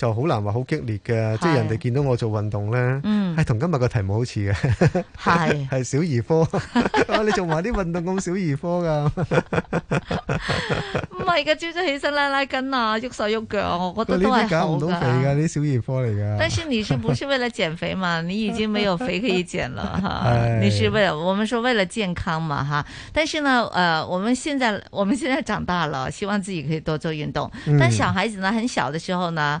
就好難話好激烈嘅，是即係人哋見到我做運動咧，係同、嗯哎、今日個題目好似嘅，係係是 小兒科， 啊、你做埋啲運動咁小兒科噶？唔係噶，朝早起身拉拉筋啊，喐手喐腳，我覺得都係減唔到肥噶。啲小兒科嚟噶。但是你是不是為了減肥嘛？你已經沒有肥可以減啦、 啊，你是為了，我們說為了健康嘛，哈、啊！但是呢，誒、呃，我們現在我們現在長大了，希望自己可以多做運動，但小孩子呢，很小的時候呢。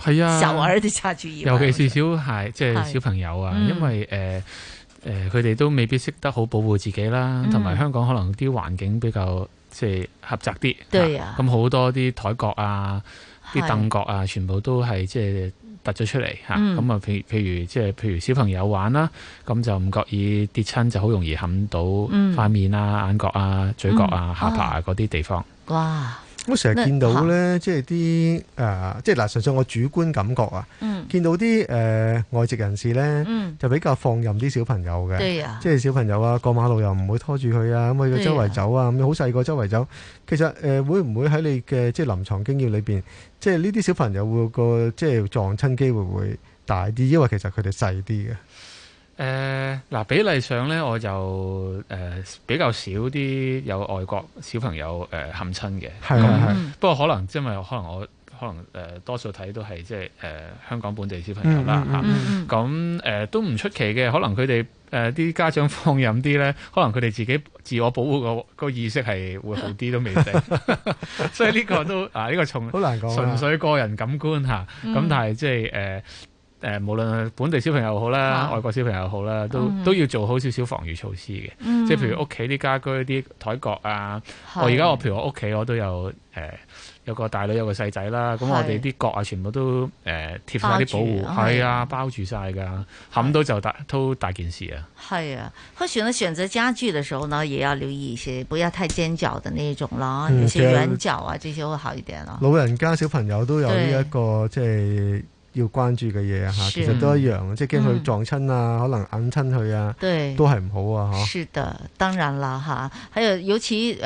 係啊，尤其是小孩即係、就是、小朋友啊，嗯、因為誒誒，佢、呃、哋、呃、都未必識得好保護自己啦，同埋、嗯、香港可能啲環境比較即係狹窄啲，咁好呀、啊、多啲台角啊、啲凳角啊，全部都係即係凸咗出嚟吓，咁、嗯、啊，譬如譬如即係譬如小朋友玩啦，咁就唔覺意跌親，就好容易冚到塊面啊、嗯、眼角啊、嘴角啊、嗯、下巴嗰、啊、啲、啊、地方。哇！我成日見到咧，即係啲誒，即係嗱，純粹我主觀感覺啊，見、嗯、到啲誒、呃、外籍人士咧，就比較放任啲小朋友嘅，嗯、即係小朋友啊，過馬路又唔會拖住佢啊，咁去個周圍走啊，咁好細個周圍走。其實誒，會唔會喺你嘅即係臨床經驗裏面，即係呢啲小朋友會個即係撞親機會會,會大啲，因為其實佢哋細啲嘅。誒嗱、呃、比例上咧，我就誒、呃、比較少啲有外國小朋友誒冚親嘅。係啊，係。呃、不過可能，因為可能我可能、呃、多數睇都係即係誒香港本地小朋友啦嚇。嗯嗯嗯。咁誒都唔出奇嘅，可能佢哋誒啲家長放任啲咧，可能佢哋自己自我保護個個意識係會好啲都未定。 所以呢個都啊呢、呃呢個從好難講，純粹個人感官下，咁、啊嗯嗯、但係即係誒。呃誒，無論本地小朋友好啦，外國小朋友好啦，都都要做好少少防禦措施嘅。即係譬如屋企啲家居啲台角啊，我而家我譬如我屋企我都有誒，有個大女有個細仔啦，咁我哋啲角啊全部都誒貼晒啲保護，係啊包住晒噶，冚到就大都大件事啊。係啊，或者呢選擇家具嘅時候呢，也要留意一些，不要太尖角的那種咯，有些圓角啊，這些會好一點咯。老人家小朋友都有呢一個即係。要關注嘅嘢啊，吓是其實都一樣，即係驚佢撞親啊、嗯，可能揞親佢啊，對都係唔好啊，吓。是的，當然啦，吓，還有尤其，誒、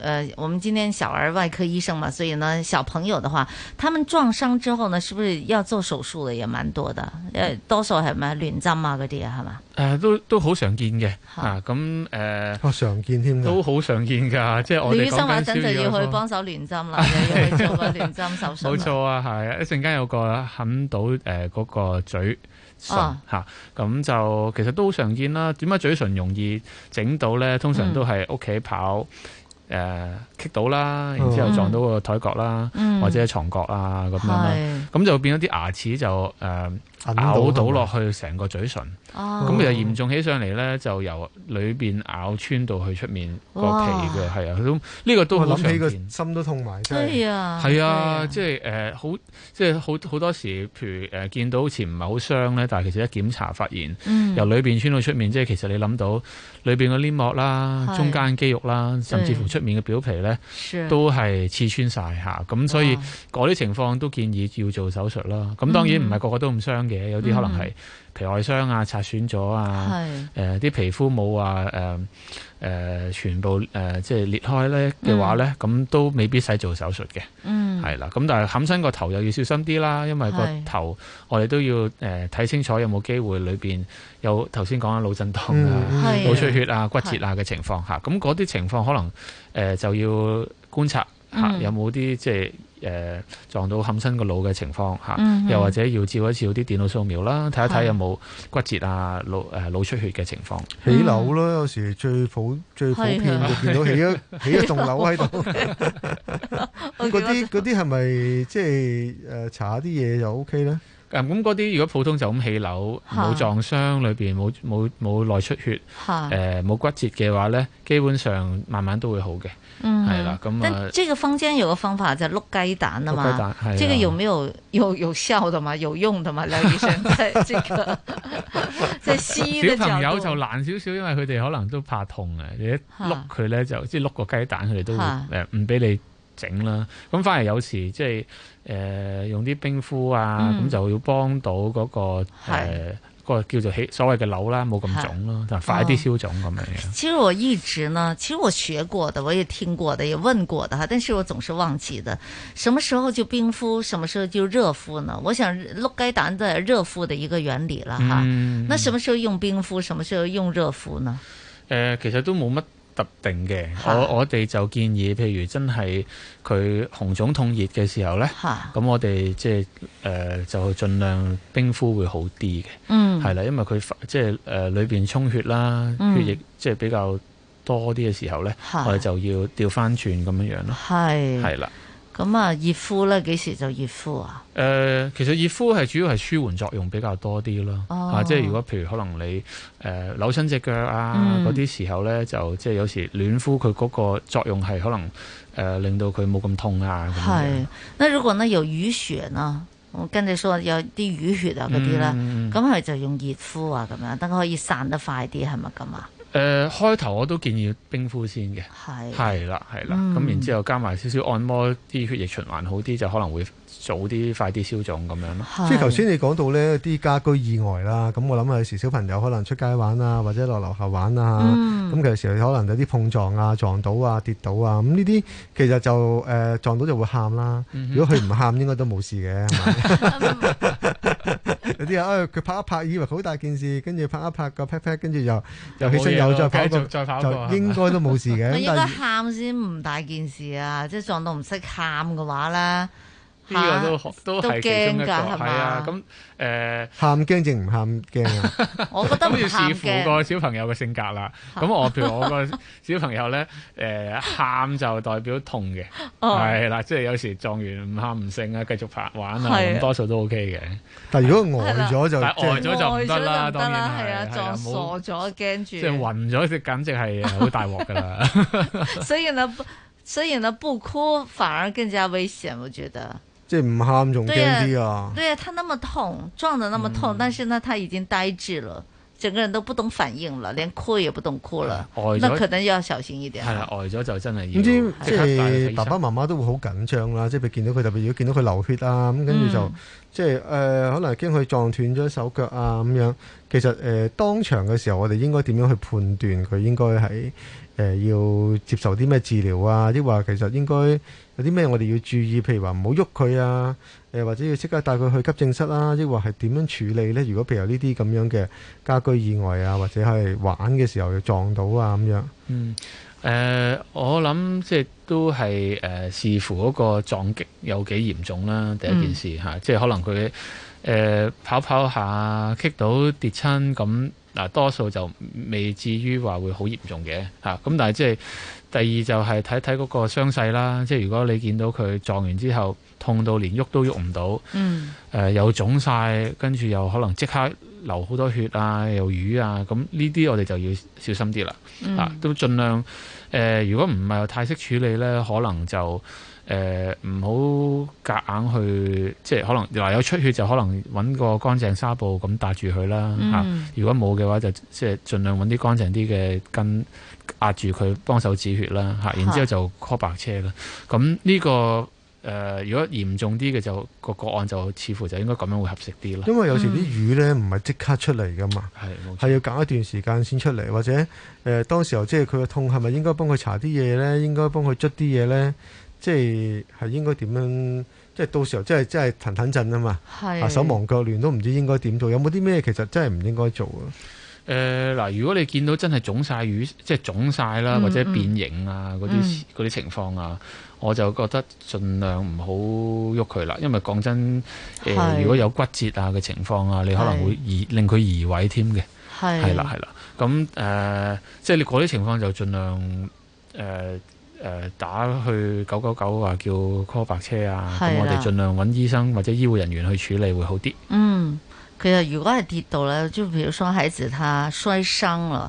呃，我們今天小兒外科醫生嘛，所以呢，小朋友的話，他們撞傷之後呢，是不是要做手術嘅？也蠻多的，因、呃、多數係咪縫針啊嗰啲、呃、是啊，係嘛？誒、呃，都都好常見嘅，啊，咁誒，常見添，都好常見噶，即係我、啊。廖醫生嗰陣就要去幫手縫針啦，要去 做個縫針手術。冇錯啊，係一陣間有個很。到嗰、呃嗰個嘴唇咁、啊啊、就其實都好常見啦。點解嘴唇容易整到咧？通常都係屋企跑誒，踢到、嗯呃、啦，然之後撞到個台角啦，嗯、或者係床角啊咁樣啦，咁、嗯、就變咗啲牙齒就誒。呃咬到落去成個嘴唇，咁其實嚴重起上嚟咧，就由裏邊咬穿到去出面個皮嘅，係啊，呢個都諗起個心都痛埋，係啊，即係誒，好即係好好多時，譬如誒見到好似唔係好傷咧，但係其實一檢查發現，由裏邊穿到出面，即係其實你諗到裏邊嘅黏膜啦、中間肌肉啦，甚至乎出面嘅表皮咧，都係刺穿晒吓，咁所以嗰啲情況都建議要做手術啦。咁當然唔係個個都唔傷。嘅，有啲可能係皮外傷啊、嗯、擦損咗啊，誒啲是、呃、皮膚冇話誒誒全部誒、呃、即係裂開咧嘅話咧，咁、嗯、都未必使做手術嘅，係啦、嗯。咁但係冚身個頭又要小心啲啦，因為個頭是我哋都要誒睇、呃、清楚有冇機會裏邊有頭先講嘅腦震盪啊、腦、嗯、出血啊、的骨折啊嘅情況吓，咁嗰啲情況可能誒、呃、就要觀察吓，有冇啲即係。誒、呃、撞到冚親個腦嘅情況嚇、啊，又或者要照一次啲電腦掃描啦，睇一睇有冇骨折啊、腦誒腦出血嘅情況。起樓咯，有時最普最普遍會見到起一起一棟樓喺度。嗰啲嗰啲係咪即係誒查啲嘢就 O K 咧？咁嗰啲如果普通就咁起樓冇撞傷，裏邊冇冇冇內出血，誒、呃、冇骨折嘅話咧，基本上慢慢都會好嘅，係啦咁。但係這個坊間有個方法就碌、是、雞蛋啊嘛，雞蛋的這個有沒有有有，有效的嘛，有用的嘛，廖、這個、 醫生？即係小朋友就難少少，因為佢哋可能都怕痛啊，你一碌佢咧就即係碌個雞蛋，佢哋都誒唔俾你。整啦，咁反而有時即係誒、呃、用啲冰敷啊，咁、嗯、就要幫到嗰、那個誒是、呃那個、叫做起所謂嘅瘤啦，冇咁腫咯，是就快啲消腫咁樣、哦。其實我一直呢，其實我學過的，我也聽過的，也問過的，但是我總是忘記的，什麼時候就冰敷，什麼時候就熱敷呢？我想碌雞蛋都係熱敷的一個原理啦，哈、嗯啊，那什麼時候用冰敷，什麼時候用熱敷呢？誒、呃，其實都冇乜。特定嘅，我我哋就建議，譬如真係佢紅腫痛熱嘅時候咧，咁的我哋即係誒就盡量冰敷會好啲嘅，係啦、嗯，因為佢即係誒裏邊充血啦，血液即係比較多啲嘅時候咧，嗯、我哋就要調翻轉咁樣樣咯，係啦的。的咁啊，熱敷咧幾時就熱敷啊？呃、其實熱敷係主要係舒緩作用比較多啲咯，嚇、哦啊，即係如果譬如可能你、呃、扭親隻腳啊嗰啲、嗯、時候咧，就即係有時暖敷佢嗰個作用係可能、呃、令到佢冇咁痛啊。係，嗱如果呢有淤血呢？我跟你說有啲淤血啊嗰啲啦，咁係、嗯嗯、就用熱敷啊咁樣，等佢可以散得快啲係咪咁啊？是誒開頭我都建議冰敷先嘅，係係啦係啦。咁、嗯、然之後加埋少少按摩，啲血液循環好啲就可能會。早啲快啲消腫咁樣咯，即係頭先你講到咧啲家居意外啦，咁我諗有時小朋友可能出街玩啊，或者落樓下玩啊，咁、嗯、其實有時可能有啲碰撞啊、撞到啊、跌倒啊，咁呢啲其實就誒、呃、撞到就會喊啦。嗯、哼如果佢唔喊，應該都冇事嘅。 有啲啊，佢、哎、拍一拍，以為好大件事，跟住拍一拍個 pat pat，跟住又又起身又再拍一拍應該都冇事嘅。應該喊先唔大件事啊，即、就、係、是、撞到唔識喊嘅話咧。呢個都都係其中一個，係啊，咁誒，喊驚定唔喊驚？我覺得要視乎個小朋友嘅性格啦。咁我譬如我個小朋友咧，誒喊就代表痛嘅，係啦，即係有時撞完唔喊唔聲啊，繼續拍玩啊，多數都 OK 嘅。但係如果呆咗就，呆咗就唔得啦，當然係。係啊，撞傻咗驚住，即係暈咗，即係簡直係好大鑊㗎啦。所以呢，所以呢，不哭反而更加危險，我覺得。即係唔喊仲驚啲啊！對啊，他那麼痛，撞得那麼痛，但是呢，他已經呆滯了，整個人都不懂反應了，連哭也不懂哭了。呃、呆咗，那可能要小心一點。係啦了，呆咗就真係。唔知即係爸爸媽媽都會好緊張啦，即係見到佢，特別如果見到佢流血啊，咁跟住就、嗯、即係誒、呃，可能驚佢撞斷咗手腳啊咁樣。其實誒、呃，當場嘅時候，我哋應該點樣去判斷佢應該喺？誒、呃、要接受啲咩治療啊？抑或其實應該有啲咩我哋要注意？譬如話唔好喐佢啊！誒、呃、或者要即刻帶佢去急症室啊？抑或係點樣處理呢？如果譬如呢啲咁樣嘅家居意外啊，或者係玩嘅時候要撞到啊咁樣。嗯，誒、呃、我諗即係。都係誒、呃、視乎嗰個撞擊有幾嚴重啦，第一件事嚇、嗯啊，即係可能佢、呃、跑跑下棘到跌親，咁嗱、啊、多數就未至於話會好嚴重嘅嚇，咁、啊、但係即係第二就係睇睇嗰個傷勢啦，即係如果你見到佢撞完之後痛到連喐都喐唔到，又有腫晒，跟住又可能即刻，流好多血啊，又瘀啊，咁呢啲我哋就要小心啲啦，嚇、嗯、都儘量誒、呃，如果唔係太識處理咧，可能就誒唔好夾硬去，即係可能話有出血就可能揾個乾淨紗布咁搭住佢啦，嚇、嗯啊、如果冇嘅話就即係儘量揾啲乾淨啲嘅筋壓住佢，幫手止血啦，嚇、啊、然之後就 call 白車啦，咁呢、嗯這個。誒，如果嚴重啲嘅就個個案就似乎就應該咁樣會合適啲咯。因為有時啲瘀咧唔係即刻出嚟㗎嘛，係要隔一段時間先出嚟，或者誒當時候即係佢嘅痛係咪應該幫佢查啲嘢咧？應該幫佢捽啲嘢咧？即係係應該點樣？即係到時候即係即係騰騰震啊嘛，係手忙腳亂都唔知應該點做。有冇啲咩其實真係唔應該做啊？誒嗱，如果你見到真係腫晒瘀，即係腫晒啦，或者變形啊嗰啲嗰啲情況啊。我就覺得盡量唔好喐佢啦，因為講真，誒、呃、如果有骨折啊嘅情況啊，是你可能會移令佢移位添嘅，係啦係啦。咁誒、呃，即係你嗰啲情況就盡量誒誒、呃呃、打去九九九，話叫 call 白車啊。咁的我哋盡量揾醫生或者醫護人員去處理會好啲。嗯，其實如果係跌到咧，即譬如雙孩子他摔傷喇。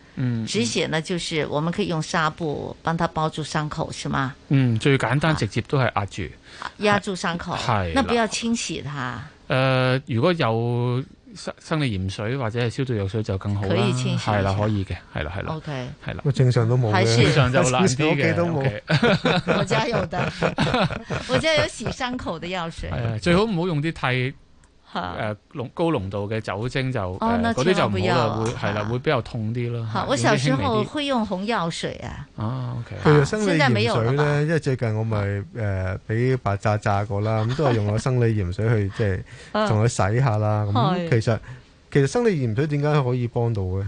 止血呢，就是我們可以用紗布幫它包住傷口，是嗎？嗯，最簡單直接都係壓住，壓住傷口，係，那不要清洗它。誒，如果有生生理鹽水或者係消毒藥水就更好啦，可以清洗，係啦，可以嘅，係啦，係啦。O K，係啦，正常都冇嘅，正常就爛啲嘅。都冇，我家有的，我家有洗傷口嘅藥水。最好唔好用啲太。誒，濃高濃度嘅酒精就，嗰啲就唔好啦，會係啦，會比較痛啲咯。好，我小時候會用紅藥水啊。啊 ok，其實生理鹽水咧，因為最近我咪誒俾白炸炸過啦，咁都係用咗生理鹽水去即係同佢洗下啦。咁其實其實生理鹽水點解可以幫到嘅？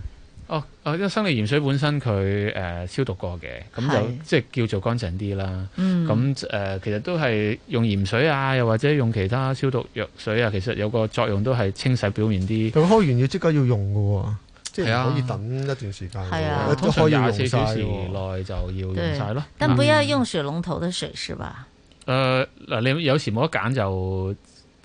哦，因為生理鹽水本身佢誒、呃、消毒過嘅，咁就是即係叫做乾淨啲啦。咁誒、嗯呃、其實都係用鹽水啊，又或者用其他消毒藥水啊，其實有個作用都係清洗表面啲。佢開完要即刻要用㗎喎、哦，是啊、即係可以等一段時間。係啊，通常廿四小時內就要用晒咯、哦。對但不要用水龍頭的水、嗯、是吧？誒嗱、呃，你有時冇得揀就。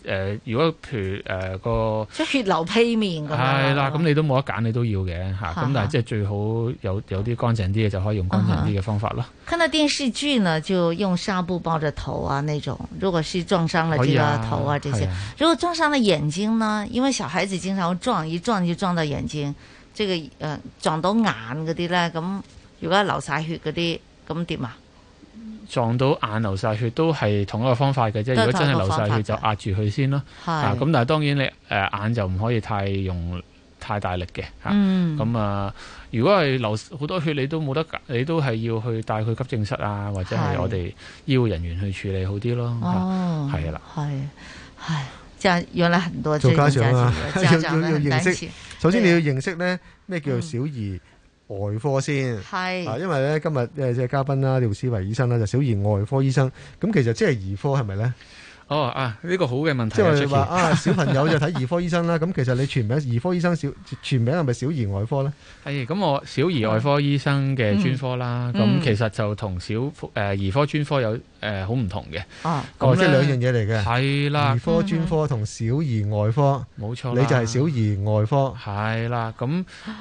誒、呃，如果譬如誒、呃、個血流披面咁係啦，咁、啊、你都冇得揀，你都要嘅嚇。咁、啊啊、但係即係最好有有啲乾淨啲嘅，就可以用乾淨啲嘅方法咯、啊啊。看到電視劇呢，就用紗布包着頭啊，那種如果是撞傷了這個頭啊，啊這些如果撞傷了眼睛呢？因為小孩子經常撞，一撞就撞到眼睛，這個誒、呃、撞到眼嗰啲咧，咁如果流晒血嗰啲，咁點啊？撞到眼流晒血都係同一個方法嘅啫。如果真係流晒血，就壓住佢先咯。咁但係當然你誒眼就唔可以太用太大力嘅吓。咁啊，如果係流好多血，你都冇得，你都係要去帶佢急症室啊，或者係我哋醫護人員去處理好啲咯。係啦，係唉，真係養你很多做家長啊，要要要認識。首先你要認識咧咩叫做小兒外科先係是、啊，因為咧今日即係嘉賓啦，廖思維醫生啦，就小兒外科醫生。咁其實即係兒科係咪咧？哦啊，呢、這個好嘅問題、啊，即係話啊，小朋友就睇兒科醫生啦。咁 其實你全名兒科醫生小全名係咪小兒外科咧？係咁，我小兒外科醫生嘅專科啦。咁、嗯、其實就同小誒兒、呃、科專科有。誒，好唔同嘅啊，即係兩樣嘢嚟嘅，係啦，兒科專科同小兒外科，冇錯，你就係小兒外科，係啦，咁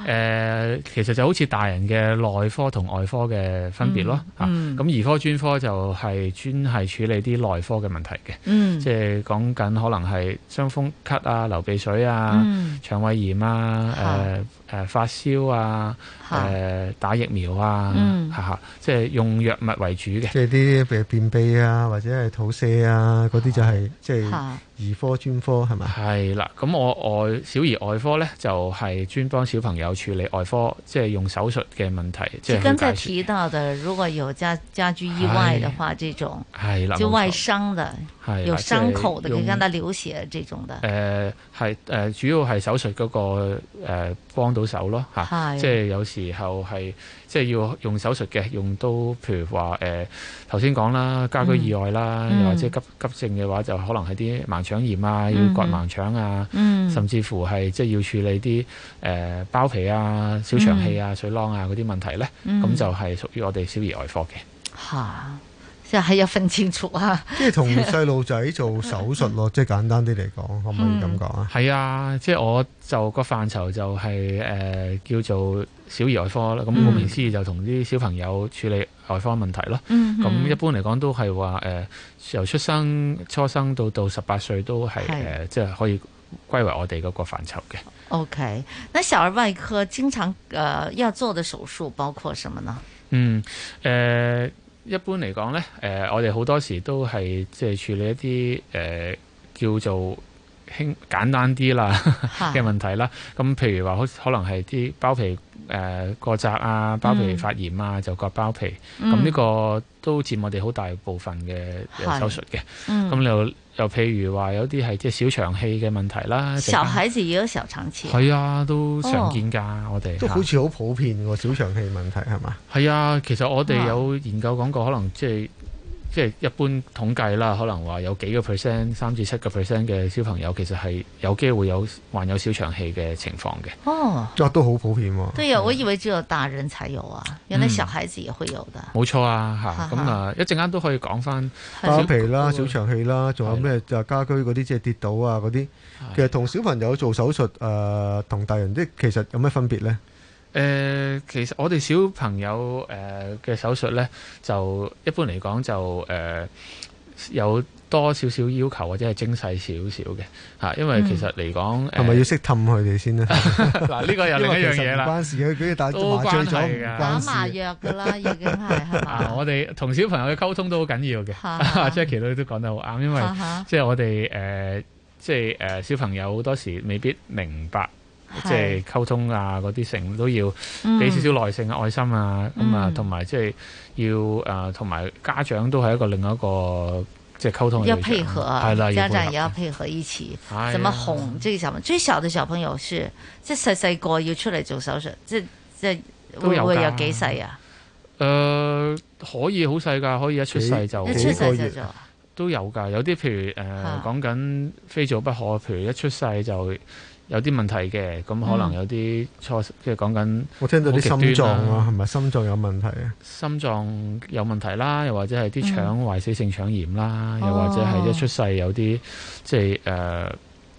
誒，其實就好似大人嘅內科同外科嘅分別咯，吓，咁兒科專科就係專係處理啲內科嘅問題嘅，嗯，即係講緊可能係傷風咳啊、流鼻水啊、腸胃炎啊、誒誒發燒啊、誒打疫苗啊，嗯，吓吓，即係用藥物為主嘅，即係啲鼻啊，或者係肚瀉啊，嗰啲就係即係。兒科專科係咪？係啦，咁我外小兒外科咧就係專幫小朋友處理外科，即係用手術嘅問題。即係。剛才提到嘅，如果有家家居意外嘅話，這種就外傷的，有傷口嘅，可以讓他流血這種嘅，誒係誒，主要係手術嗰個誒幫到手咯嚇，即係有時候係即係要用手術嘅，用刀，譬如話誒頭先講啦，家居意外啦，又或者急急症嘅話，就可能係啲腸炎啊，要割盲腸啊，嗯、甚至乎係即係要處理啲誒、呃、包皮啊、小腸氣啊、水囊啊嗰啲問題咧，咁、嗯、就係屬於我哋小兒外科嘅。嚇，即係係有分清楚啊！ 即係同細路仔做手術咯、啊， 即係簡單啲嚟講，可唔可以咁講啊？係、嗯、啊，即、就、係、是、我就個範疇就係、是、誒、呃、叫做。小兒外科啦，咁顧名思義就同啲小朋友處理外科問題咯。咁、嗯、一般嚟講都係話誒由出生初生到到十八歲都係誒的、呃、即係可以歸為我哋嗰個範疇嘅。OK，那小兒外科經常誒、呃、要做嘅手術包括什麼呢？嗯誒、呃，一般嚟講咧誒，我哋好多時都係即係處理一啲誒、呃、叫做。輕簡單啲啦嘅問題啦，咁是譬如話，好可能係啲包皮誒過窄啊，嗯、包皮發炎啊，就割包皮。咁呢、嗯、個都佔我哋好大部分嘅手術嘅。咁是、嗯、又又譬如話，有啲係即係小腸氣嘅問題啦。嗯、者小孩子也有小腸氣，係啊，都常見㗎。哦、我哋、啊、都好似好普遍個小腸氣問題係嘛？係啊，其實我哋有研究講過，可能即、就、係、是。即係一般統計啦，可能話有幾個 percent，三至七個 percent 嘅小朋友其實係有機會有患有小腸氣嘅情況嘅。哦，哇，都好普遍。對啊，我以為只有大人才有啊，嗯、原來小孩子也會有嘅。冇錯啊，吓咁哈啊，一陣間都可以講翻包皮啦、小腸氣啦，仲有咩就家居嗰啲了即係跌倒啊嗰啲。其實同小朋友做手術誒，同、呃、大人啲其實有咩分別呢？誒、呃，其實我哋小朋友誒嘅、呃、手術咧，就一般嚟講就誒、呃、有多少少要求或者係精細少少嘅吓、啊，因為其實嚟講係咪要識氹佢哋先咧？嗱、 啊，呢、這個又是因為 另一樣嘢啦。其實關事嘅，佢哋打麻醉藥嘅啦，已經係、啊、我哋同小朋友嘅溝通都好緊要嘅。Jackie 都都講得好啱，因為 即係我哋誒、呃，即係誒、呃、小朋友多時未必明白。即係溝通啊，嗰啲成都要俾少少耐性嘅、嗯、愛心啊，咁啊、嗯，同埋即係要誒，同、呃、埋家長都係一個另外一個即係溝通嘅。要配合，係啦了，家長也要配合一起，哎、呀怎麼哄這個小朋友，最小嘅小朋友是即係細細個要出嚟做手術，即即會唔會有幾細啊？誒、呃，可以好細噶，可以一出世就一出世就都有噶，有啲譬如誒講緊非做不可，譬如一出世就。有啲問題嘅，咁可能有啲錯，即係講緊。我聽到啲心臟啊，係咪心臟有問題啊？心臟有問題啦，又或者係啲腸壞死性腸炎啦，嗯、又或者係一出世有啲即係誒、呃、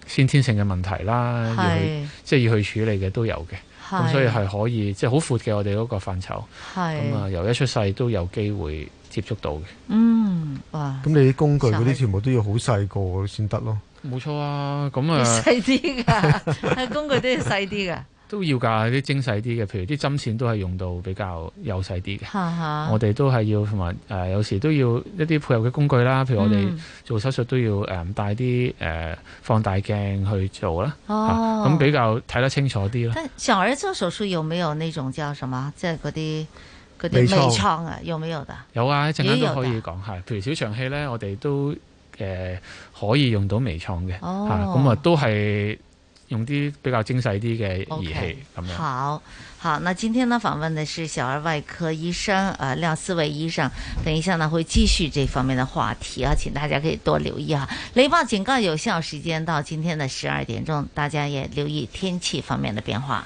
先天性嘅問題啦，要去是即係要去處理嘅都有嘅。咁是所以係可以即係好闊嘅我哋嗰個範疇。係咁啊，由一出世都有機會接觸到嘅。嗯哇！咁你工具嗰啲全部都要好細個先得咯。冇錯啊，咁啊細啲噶，工具都要細啲嘅，都要細啲噶，都要噶啲精細啲嘅，譬如啲針線都係用到比較幼細啲嘅。啊哈，我哋都係要同埋誒，有時都要一啲配合嘅工具啦，譬如我哋做手術都要誒帶啲誒放大鏡去做啦。哦，咁、啊、比較睇得清楚啲囉。但小兒做手術有冇有呢種叫什麼，即係嗰啲嗰啲微創啊？冇錯。有冇有的？有啊，一陣間都可以講下。譬如小腸氣咧，我哋都。誒、呃、可以用到微創嘅，嚇咁、哦、啊都係用啲比較精細啲嘅儀器，咁、哦 okay, 樣。好，好。那今天呢訪問嘅是小兒外科醫生啊廖思維醫生，等一下呢會繼續這方面嘅話題啊！請大家可以多留意哈、啊，雷暴警告有效時間到今天的十二點鐘，大家也留意天氣方面的變化。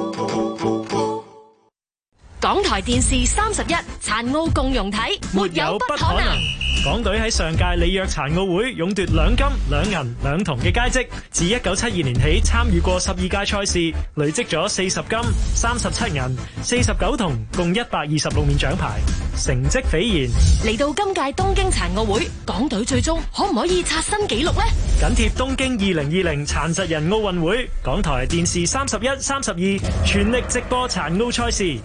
港台電視三十一殘奧共融體，沒有不可能。港隊喺上屆里約殘奧會勇奪兩金、兩銀、兩銅嘅佳績，自一九七二年起參與過十二屆賽事，累積咗四十金、三十七銀、四十九銅，共一百二十六面獎牌，成績斐然。嚟到今屆東京殘奧會，港隊最終可唔可以刷新紀錄呢？緊貼東京二零二零殘疾人奧運會，港台電視三十一、三十二全力直播殘奧賽事。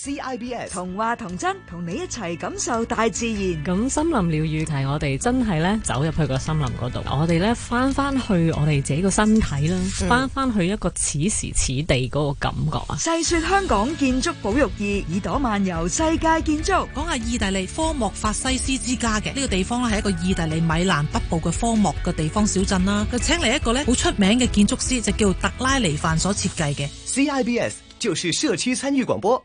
C I B S 童話童真，同你一齊感受大自然。咁森林療癒係我哋真係咧走入去個森林嗰度，我哋咧翻翻去我哋自己個身體啦，翻翻、嗯、去一個此時此地嗰個感覺啊。細說香港建築保育二耳朵漫遊世界建築，講下意大利科莫法西斯之家嘅呢、這個地方係一個意大利米蘭北部嘅科莫嘅地方小鎮啦。佢請嚟一個咧好出名嘅建築師，就叫特拉尼范所設計嘅。C I B S 就是社區參與廣播。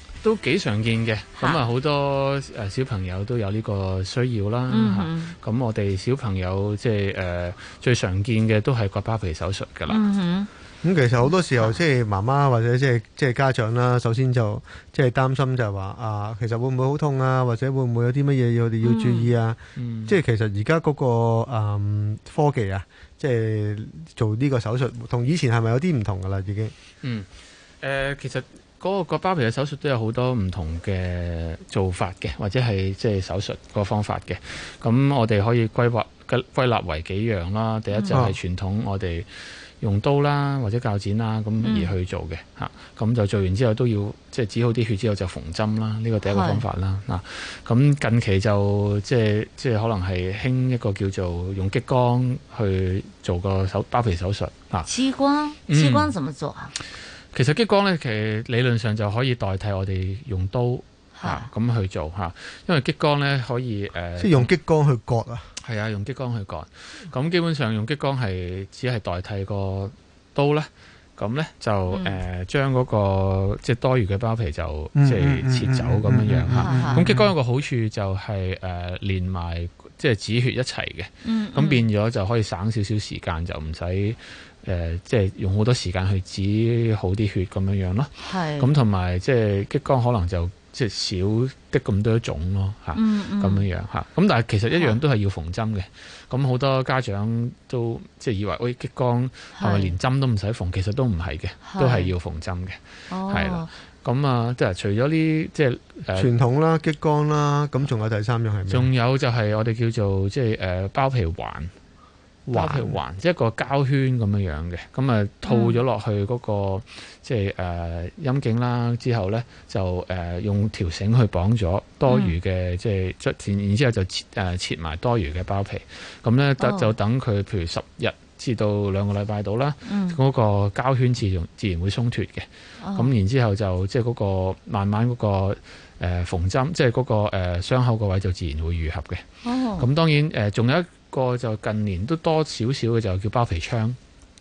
都幾常見嘅，咁啊好多誒小朋友都有呢個需要啦。咁、啊啊、我哋小朋友即係誒最常見嘅都係割包皮手術㗎啦。咁、嗯嗯嗯、其實好多時候即係、就是、媽媽或者即係即係家長啦，首先就即係、就是、擔心就係話啊，其實會唔會好痛啊？或者會唔會有啲乜嘢要我哋要注意啊？即係、嗯嗯、其實而家嗰個、嗯、科技啊，即、就、係、是、做呢個手術同以前係咪有啲唔同㗎啦？已經嗯誒、呃，其實。嗰個包皮嘅手術都有好多唔同嘅做法嘅，或者係即係手術個方法嘅。咁我哋可以規劃、歸歸納為幾樣啦。第一就係傳統，我哋用刀啦，或者鉸剪啦，咁而去做嘅嚇。咁、嗯、就做完之後都要即係止好啲血之後就縫針啦。呢個第一個方法啦。嗱、嗯，咁近期就即係即係可能係興一個叫做用激光去做個手包皮手術啊。激光，激光怎麼做啊？嗯其實激光咧，其實理論上就可以代替我哋用刀啊咁的去做，因為激光咧可以誒，呃、即係用激光去割啊，係啊，用激光去割，咁、嗯、基本上用激光係只係代替刀、呃嗯那個刀啦。咁咧就誒將嗰個即係多餘嘅包皮就即係、嗯嗯嗯嗯、切走咁樣樣。咁激光有個好處就係、是、誒、呃、連埋即係止血一齊嘅，咁、嗯嗯、變咗就可以省少少時間，就唔使。誒、呃，即係用好多時間去止好啲血咁是樣樣咯。係。咁同埋即係激光可能就即係少啲咁多種咯嚇。咁、嗯嗯、樣樣嚇。咁但係其實一樣都係要縫針嘅。咁好、啊、多家長都即係以為，喂、哎、激光係咪是、呃、連針都唔使縫？其實都唔係嘅，是都係要縫針嘅。哦。係啦。咁、嗯、啊，即係除咗呢，即、就、係、是呃、傳統啦，激光啦，咁仲有第三樣係咩？仲有就係我哋叫做即係、呃、包皮環。環圈環，即一個膠圈咁樣樣嘅，咁啊套咗落去嗰、那個、嗯、即係誒陰莖啦，之後咧就誒、呃、用條繩去綁咗多餘嘅，嗯、即係然然之後就誒切埋、呃、多餘嘅包皮，咁咧就就等佢譬如十日至到兩個禮拜到啦，嗰、嗯、個膠圈自然自、哦、然會鬆脱嘅，咁然之後就即係嗰、那個慢慢嗰、那個誒縫針，即係嗰、那個誒傷、呃、口個位就自然會愈合嘅。咁、哦、當然誒仲、呃、有一個就近年都多少少嘅，就叫包皮槍。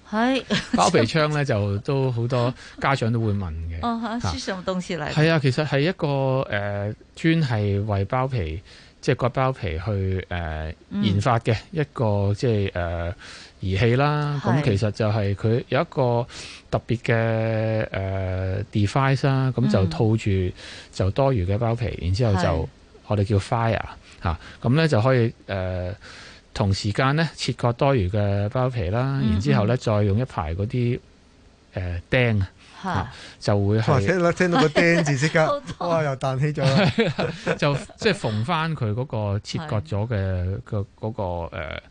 係是包皮槍咧， 就都好多家長都會問嘅。哦， 吓，書上動詞嚟。係啊，其實係一個誒、呃、專係為包皮，即係割包皮去誒、呃嗯、研發嘅一個即係誒、呃、儀器啦。咁是其實就係佢有一個特別嘅誒 device 啦，咁、嗯、就套住就多餘嘅包皮，然之後就是我哋叫 fire 嚇、啊，咁咧就可以誒。呃同時間咧，切割多餘嘅包皮啦，嗯、哼然之後咧，再用一排嗰啲誒釘啊，就會係聽到個釘字即刻哇，又彈起咗， 就即係縫翻佢嗰個切割咗嘅、嗰個嗰、啊呃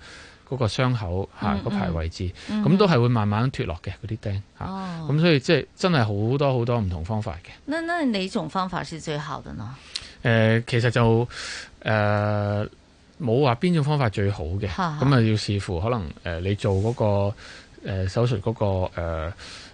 嗰個誒嗰傷口嚇排位置，咁都係會慢慢脫落嘅嗰啲釘嚇，咁、哦、所以即係真係好多好多唔同方法嘅。嗱嗱，你種方法係最好嘅呢？誒、呃，其實就誒。呃冇話邊種方法最好嘅，咁啊那要視乎可能誒、呃、你做嗰、那個、呃、手術嗰、那個誒、呃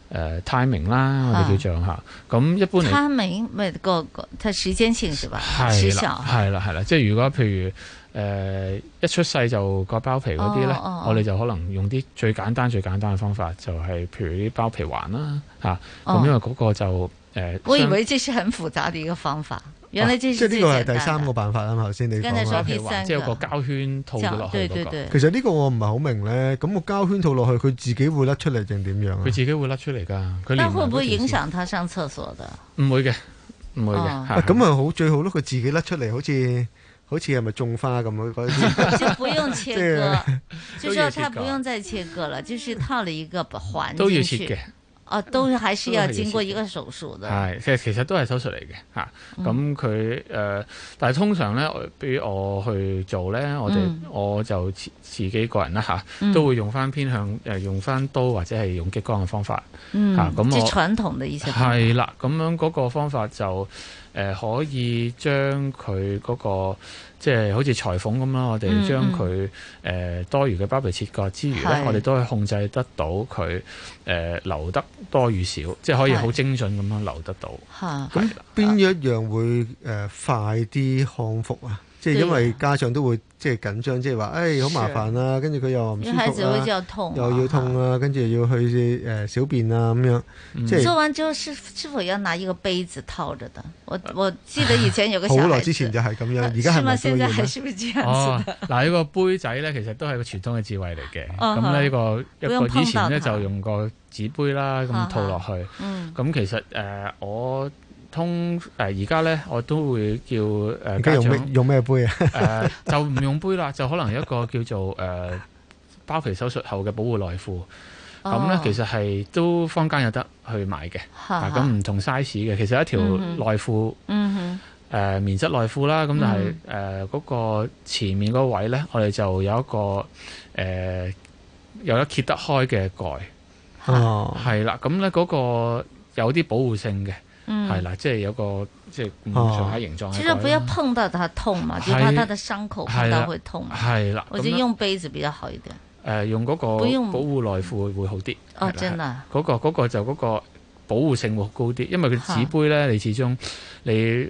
呃、timing 啦，我哋叫上下。咁一般 timing 咪個個睇時間性是吧？係啦，係小啦，啦，啦，即係如果譬如誒一出世就割包皮嗰啲咧，哦哦、我哋就可能用啲最簡單最簡單嘅方法，就係、是、譬如啲包皮環啦嚇。咁、啊哦、因為嗰個就誒，呃、我以為即係很複雜的一個方法。原啊、即係呢個係第三個辦法啦，頭先你講啦，個即係有個膠圈套落去，去。其實呢個我唔係好明咧。咁個膠圈套落去，佢自己會甩出嚟定點樣啊？佢自己會甩出嚟㗎。但會唔會影響他上廁所的？唔會嘅，唔會嘅。咁咪、哦啊、好最好咯。佢自己甩出嚟，好似好似係咪種花咁樣嗰啲。 就不用切割，就係佢不用再切割喇，就係套咗一個環。都要切嘅。哦、都還是要經過一個手術的。係、嗯,其實其實都係手術嚟嘅吓。咁佢誒,但係通常咧,比如我去做咧,我哋、嗯、我就自自己個人啦吓,啊嗯、都會用翻偏向誒、呃,用翻刀或者係用激光嘅方法吓。咁、啊嗯啊、我截腸筒嘅意思係。係啦,咁樣嗰個方法就誒、呃,可以將佢嗰、那個。即係好似裁縫咁啦，我哋將佢誒多餘嘅包皮切割之餘咧，是我哋都可以控制得到佢誒、呃、留得多與少，即係可以好精準咁樣留得到吓。咁邊是是一樣會誒、呃、快啲康復啊？即係因為家長都會即係緊張，即係話，哎，好麻煩啊！跟住佢又唔舒服痛又要痛啊，跟住要去誒小便啊咁樣。做完之後是是否要拿一個杯子套着的？我我記得以前有個好耐之前就係咁樣，而家係唔需要啦。哦，嗱，呢個杯仔咧其實都係個傳統嘅智慧嚟嘅。咁咧一個一個以前咧就用個紙杯啦，咁套落去。咁其實誒我。通誒，而家咧，我都會叫誒家長用咩杯啊？誒 、呃、就唔用杯啦，就可能有一個叫做誒、呃、包皮手術後嘅保護內褲。咁咧、oh. 其實係都坊間有得去買嘅。嚇，咁唔同 size 嘅，其實一條內褲，嗯棉、mm hmm. 呃、質內褲啦。咁就係誒嗰個前面嗰位咧，我哋就有一個誒、呃、有得揭得開嘅蓋。哦、oh. 啊，係啦，咁咧嗰個有啲保護性嘅。嗯，係啦，即係有個即係唔想喺形狀、哦。其實不要碰到佢痛嘛，就是怕佢嘅傷口碰到會痛啊。係啦的，我就用杯子比較好啲。誒、呃，用嗰個保護內褲會好啲。用的哦，真啊！嗰、那個嗰、那個就個保護性會高啲，因為佢紙杯咧的，你始終你誒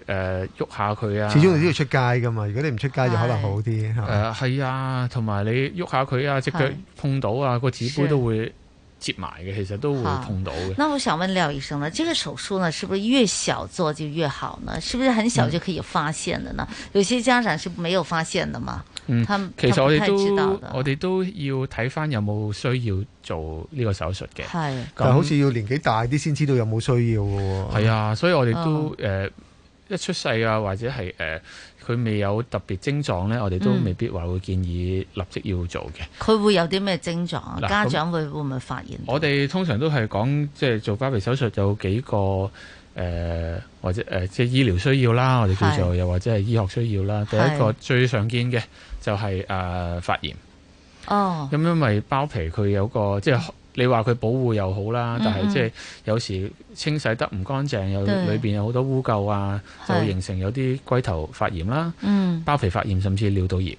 喐下佢啊，始終你都要出街噶嘛。如果你唔出街就可能好啲。誒的，係、呃、啊，同埋你喐下佢啊，隻腳碰到啊，個紙杯都會。接埋嘅，其實都會痛到嘅、啊。那我想問廖醫生呢，這個手術呢，是不是越小做就越好呢？是不是很小就可以發現的呢？嗯、有些家長是沒有發現的嘛？嗯，其實我哋都知道、嗯、我哋都要睇翻有冇需要做呢個手術嘅。係，但好似要年紀大啲先知道有冇需要嘅。係啊，所以我哋都誒、嗯呃，一出世啊，或者係誒。呃佢未有特別症狀呢，我哋都未必話會建議立即要做嘅。佢、嗯、會有啲咩症狀？家長會會唔會發現？我哋通常都係講即係做包皮手術有幾個誒、呃，或者誒即係醫療需要啦，我哋叫做是又或者係醫學需要啦。第一個最常見嘅就係、是、誒、呃、發炎。哦，咁因為包皮佢有個即係。就是你話佢保護又好啦，但係即係有時清洗得唔乾淨，又裏面有好多污垢啊，就會形成有啲龜頭發炎啦、包皮發炎，甚至尿道炎。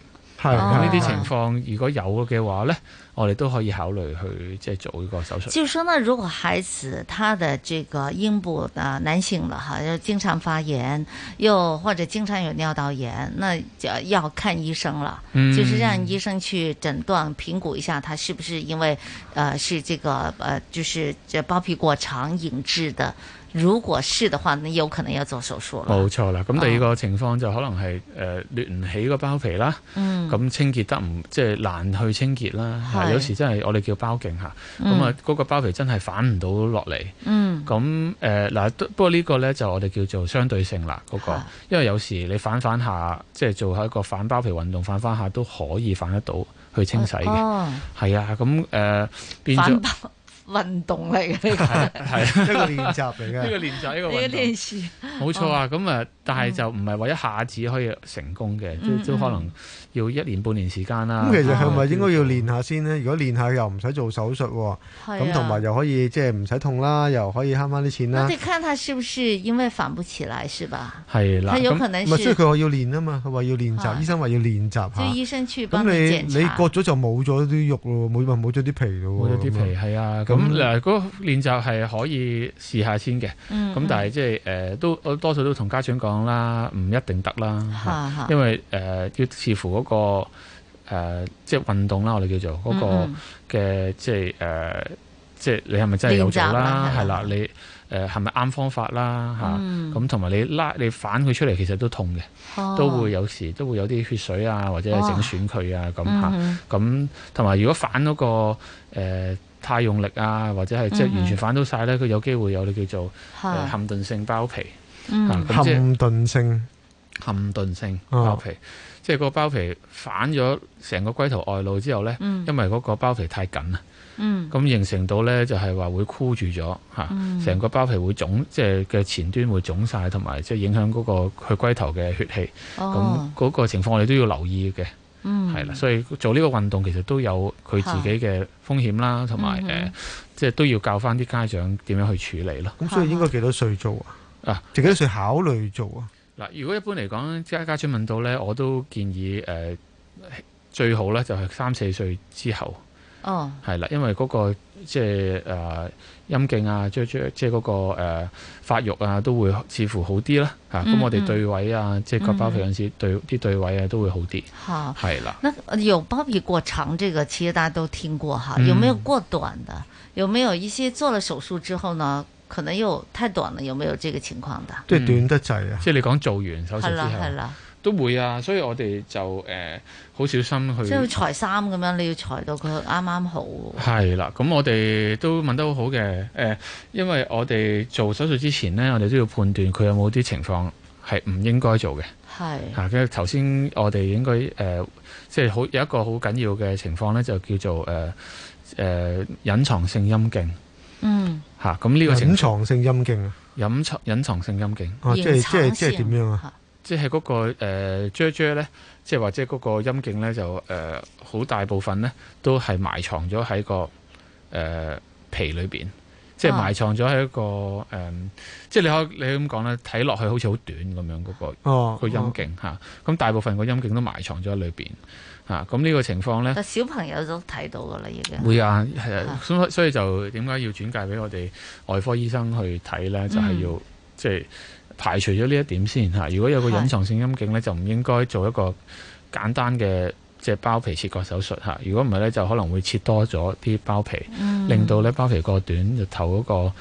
係咁呢啲情況，如果有嘅話呢，我哋都可以考慮去即係做呢個手術。就是說呢，如果孩子，他的這個陰部呢，男性了哈，又經常發炎，又或者經常有尿道炎，那就要看醫生了。嗯，就是讓醫生去診斷評估一下，他是不是因為呃，是這個呃，就是這包皮過長引致的。如果係嘅話，你有可能要做手術。冇錯啦，咁第二個情況就可能係誒攣唔起個包皮啦。嗯，咁清潔得唔即係難去清潔啦是。有時真係我哋叫包莖下，咁啊嗰個包皮真係反唔到落嚟。嗯，咁誒嗱不過個呢個咧就我哋叫做相對性啦嗰、嗰個，是因為有時你反反下即係做一個反包皮運動，反翻下都可以反得到去清洗嘅。哦，係啊，咁、呃、誒變咗。反包運動嚟嘅，係一個練習嚟嘅，一個練習一個。呢件冇錯啊，咁啊，但係就唔係話一下子可以成功嘅，即都可能要一年半年時間啦。咁其實係咪應該要練下先呢？如果練下又唔使做手術，咁同埋又可以即係唔使痛啦，又可以慳翻啲錢啦。那得看他是不是因為反不起來，是吧？係啦，咁唔係所以佢話要練啊嘛，佢話要練習，醫生話要練習，即係醫生去幫佢檢查。你你割咗就冇咗啲肉咯，冇冇咗啲皮咯，冇咗啲皮係啊。咁嗱，嗰、嗯、練習係可以試下先嘅。咁、嗯、但係即係誒，都、呃、我多數都同家長講啦，唔一定得啦。嗯嗯、因為誒，要、呃、視乎嗰、嗰個、呃、即係運動啦，我哋叫做嗰、嗰個嘅、嗯嗯呃，即係誒，即係你係咪真係有做啦？係啦的，你誒係咪啱方法啦？嚇、嗯。咁同埋你拉你反佢出嚟，其實都痛嘅，哦、都會有時都會有啲血水啊，或者整損佢啊咁嚇。咁同埋如果反嗰、嗰個、呃太用力啊，或者係即係完全反到晒咧，佢、mm hmm. 有機會有啲叫做嵌是、呃、頓性包皮。嗯，嵌頓性、嵌頓性包皮，即係、oh. 個包皮反咗成個龜頭外露之後咧，mm hmm. 因為嗰個包皮太緊啦。嗯、mm，咁、hmm. 形成到咧就係話會箍住咗嚇，成、mm hmm. 個包皮會腫，即係嘅前端會腫晒，同埋即係影響嗰個佢龜頭嘅血氣。哦，咁嗰個情況你都要留意嘅。嗯，係啦、mm hmm.，所以做呢個運動其實都有佢自己嘅風險啦，同埋誒，即係都要教翻啲家長點樣去處理咯。咁、嗯、所以應該幾多歲做啊？啊，幾多歲考慮做啊？嗱、啊，如果一般嚟講，即係家長問到咧，我都建議誒、呃、最好咧就係三四歲之後，哦，係啦，因為嗰、那個。即係誒，陰、呃、莖啊，即係即係、那、嗰個誒、呃、發育啊，都會似乎好啲啦。咁、嗯啊、我哋對位啊，嗯、即係個包皮樣子對啲對位啊，嗯、都會好啲。吓好，係啦。有包皮過長，這個其實大家都聽過吓。有冇有過短、嗯、有冇有一些做了手術之後呢，可能又太短，有冇有呢個情況的？即係短得滯啊！嗯、即係你講做完手術之後。都會啊，所以我哋就誒好、呃、小心去。即係要裁衫咁樣，你要裁到佢啱啱好。係啦，咁我哋都問得很好好嘅。誒、呃，因為我哋做手術之前呢，我哋都要判斷佢有冇啲情況係唔應該做嘅。係是。嚇、啊，跟住頭先我哋應該誒、呃，即係好有一個好緊要嘅情況咧，就叫做誒誒隱藏性陰莖。嗯。嚇、啊，咁呢個隱藏性陰莖啊？隱藏隱藏性陰莖。即係即係即係點樣啊？啊即係嗰、那個誒、啫、呃、咧，即係或者嗰個陰莖咧，就誒好、呃、大部分咧，都係埋藏咗喺個誒、呃、皮裏邊，即係埋藏咗喺一個誒、哦嗯，即係你可以你咁講咧，睇落去好似好短咁樣嗰個哦個陰莖吓，咁、哦啊、大部分個陰莖都埋藏咗喺裏邊吓，咁、啊、呢個情況咧，小朋友都睇到噶啦，已經會啊，係啊，所以所以就點解要轉介俾我哋外科醫生去睇咧，就係、是、要、嗯、即係。排除咗呢一點先吓，如果有個隱藏性陰莖呢，是就唔應該做一個簡單嘅即係包皮切割手術吓。如果唔係呢，就可能會切多咗啲包皮，嗯、令到呢包皮過短，就頭嗰個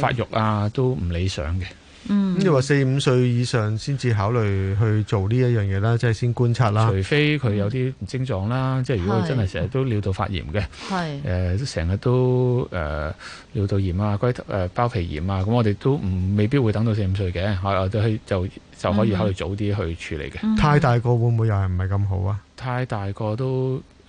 發育啊是都唔理想嘅。咁你話四五歲以上先至考慮去做呢一樣嘢啦，即係先觀察啦。除非佢有啲唔症狀啦，嗯、即係如果佢真係成日都尿道發炎嘅，誒是、呃、都成日都誒尿道炎啊、龜頭、呃、包皮炎啊，咁我哋都唔未必會等到四五歲嘅，我可以就就可以考慮早啲去處理嘅。嗯嗯、太大個會唔會又係唔係咁好啊？太大個都。嗱、嗯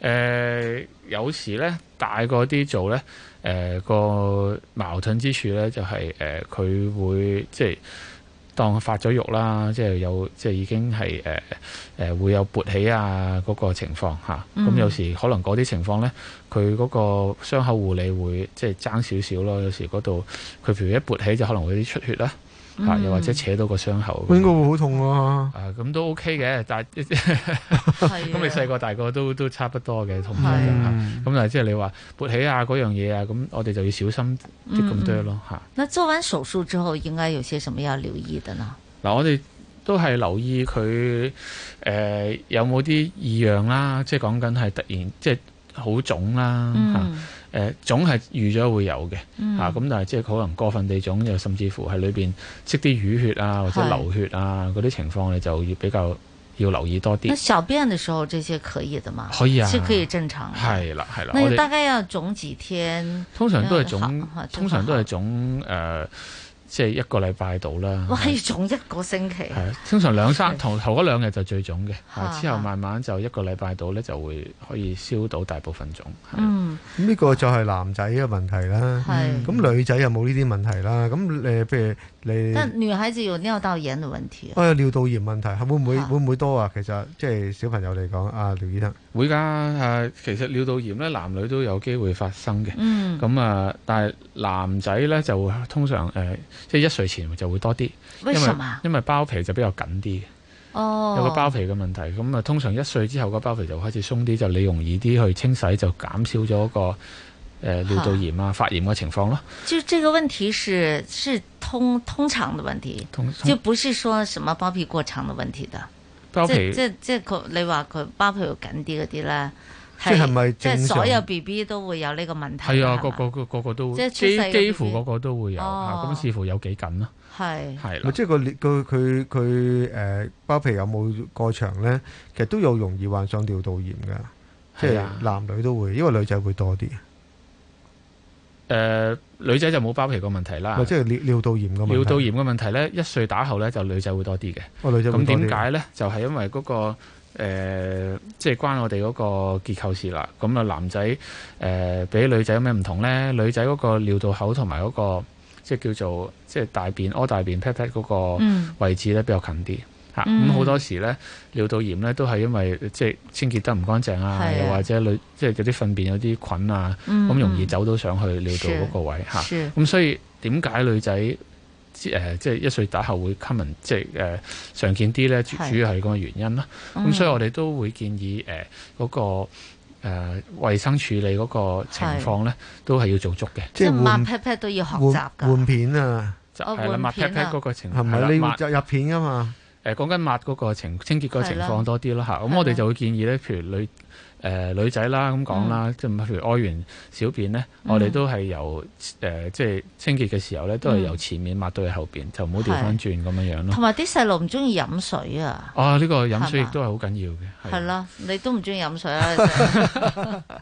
呃，有時咧大個啲做咧，誒、呃嗰個矛盾之處咧就係誒佢會即係當發咗肉啦，即係有即係已經係誒誒會有勃起啊嗰、嗰個情況咁、嗯嗯、有時可能嗰啲情況咧，佢嗰個傷口護理會即係爭少少咯，有時嗰度佢譬如一勃起就可能會啲出血啦。吓，嗯、又或者扯到個傷口，應該會好痛啊！啊，咁都 OK 嘅，但係咁你細個大個都都差不多嘅，同埋吓，咁啊，即係你話勃起啊嗰樣嘢啊，咁、嗯、我哋就要小心啲咁多咯吓。啊、嗱，做完手術之後應該有些什麼要留意嘅呢？嗱、嗯啊，我哋都係留意佢誒、呃、有冇啲異樣啦，即係講緊係突然即係好腫啦。啊誒腫係預咗會有嘅。嚇咁、嗯啊，但係即係可能過分地腫，又甚至乎喺裏面積啲淤血啊，或者流血啊嗰啲是情況，你就要比較要留意多啲。小便嘅時候，這些可以的嘛？可以啊，是可以正常的。係啦，係啦。那大概要腫幾天？通常都係腫，啊、通常都係腫誒。呃即係一個禮拜到啦。哇！是種一個星期。係啊，通常兩三頭頭嗰兩日就最種嘅， 之後慢慢就一個禮拜到咧就會可以消到大部分種。嗯，呢是、嗯、個就係男仔嘅問題啦。係是。咁、嗯、女仔有冇呢啲問題啦？咁誒、呃，譬如。你但女孩子有尿道炎的問題、啊。誒、啊，尿道炎問題會唔會好會唔會多啊？其實即係小朋友嚟講，阿廖醫生會噶、啊啊。其實尿道炎咧，男女都有機會發生嘅。嗯。咁啊、嗯，但係男仔呢，就通常誒、即、呃、係、就是、一歲前就會多啲。為什麼？因為，因為包皮就比較緊啲。哦。有個包皮嘅問題，咁、嗯、啊，通常一歲之後個包皮就開始鬆啲，就你容易啲去清洗，就減少咗、那個。誒，尿道炎啊，發炎嘅情況咯。就這個問題是是通通常的問題，就不是說什麼包皮過長嘅問題。包皮即即佢你話佢包皮緊啲嗰啲咧，即係咪即係所有 B B 都會有呢個問題？係啊，個個個個都，即係幾乎個個都會有。咁視乎有幾緊咯。係係啦，即係佢佢佢佢誒，包皮有冇過長咧？其實都有容易患上尿道炎㗎，即係男女都會，因為女仔會多啲。誒、呃、女仔就冇包皮個問題啦，即係尿尿道炎嘅問題。尿道炎嘅問題咧，一歲打後咧就女仔會多啲嘅、哦。女仔咁點解咧？就係、是、因為嗰、那個即係關我哋嗰個結構事啦。咁啊，男仔誒比女仔有咩唔同咧？女仔嗰個尿道口同埋嗰個即係、就是、叫做即係大便屙大便 pat pat 嗰個位置咧、嗯、比較近啲。咁好多時咧，尿道炎咧都係因為即係清潔得唔乾淨啊，又或者女即係嗰啲糞便有啲菌啊，咁容易走到上去尿道嗰個位嚇。咁所以點解女仔即誒即係一歲打後會 common 即係誒常見啲咧？主要係嗰個原因啦。咁所以我哋都會建議誒嗰個衛生處理嗰個情況咧，都係要做足嘅，即係換 pat pat 都要學習嘅，換片啊，係啦，換 pat pat 嗰個情況係啦，入片噶嘛。誒講緊抹嗰個情清潔嗰個情況多啲啦吓，咁的我哋就會建議咧，的譬如你。誒、呃、女仔啦，咁講啦，即係、嗯、譬如屙完小便咧，嗯、我哋都係由誒、呃，即係清潔嘅時候咧，都係由前面抹到去後邊，嗯、就唔好調翻轉咁樣樣咯。同埋啲細路唔中意飲水啊！啊，呢、呢個飲水亦都係好緊要嘅。係咯嗎、啊，你都唔中意飲水啦、啊，你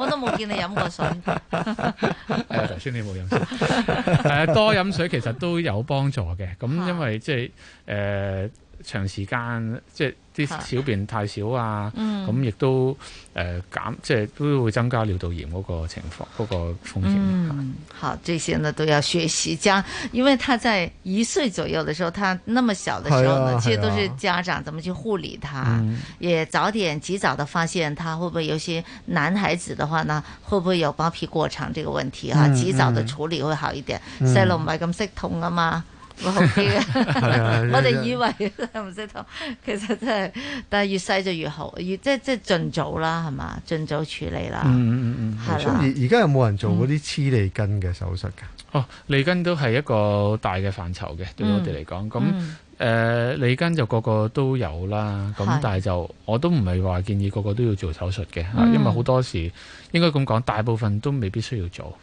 我都冇見你飲過水。誒、 呃，頭先你冇飲水，誒、 呃、多飲水其實都有幫助嘅。咁、嗯、因為即係誒。呃長時間即係啲小便太少啊，咁亦、嗯、都誒、呃、減，即係都會增加尿道炎嗰個情況，嗰、那個風險。嗯，好，這些呢都要學習家，因為他在一歲左右的時候，他那麼小的時候呢，啊啊、其實都是家長怎麼去護理他，啊、也早點及早的發現他會不會有些男孩子的話呢，會不會有包皮過長這個問題、嗯、啊？及早的處理會好一點。細路唔係咁識痛啊嘛。我哋以為都係唔識痛，其實真係，但係越細就越好，越即係即係盡早啦，係嘛，盡早處理啦。嗯嗯嗯，係而家有冇人做嗰啲黐脷根嘅手術噶？哦，脷根都係一個大嘅範疇嘅，對我哋嚟講，咁誒、嗯，脷、嗯呃、根就個個都有啦。咁但係就，是我都唔係話建議個個都要做手術嘅，嗯、因為好多時應該咁講，大部分都未必需要做。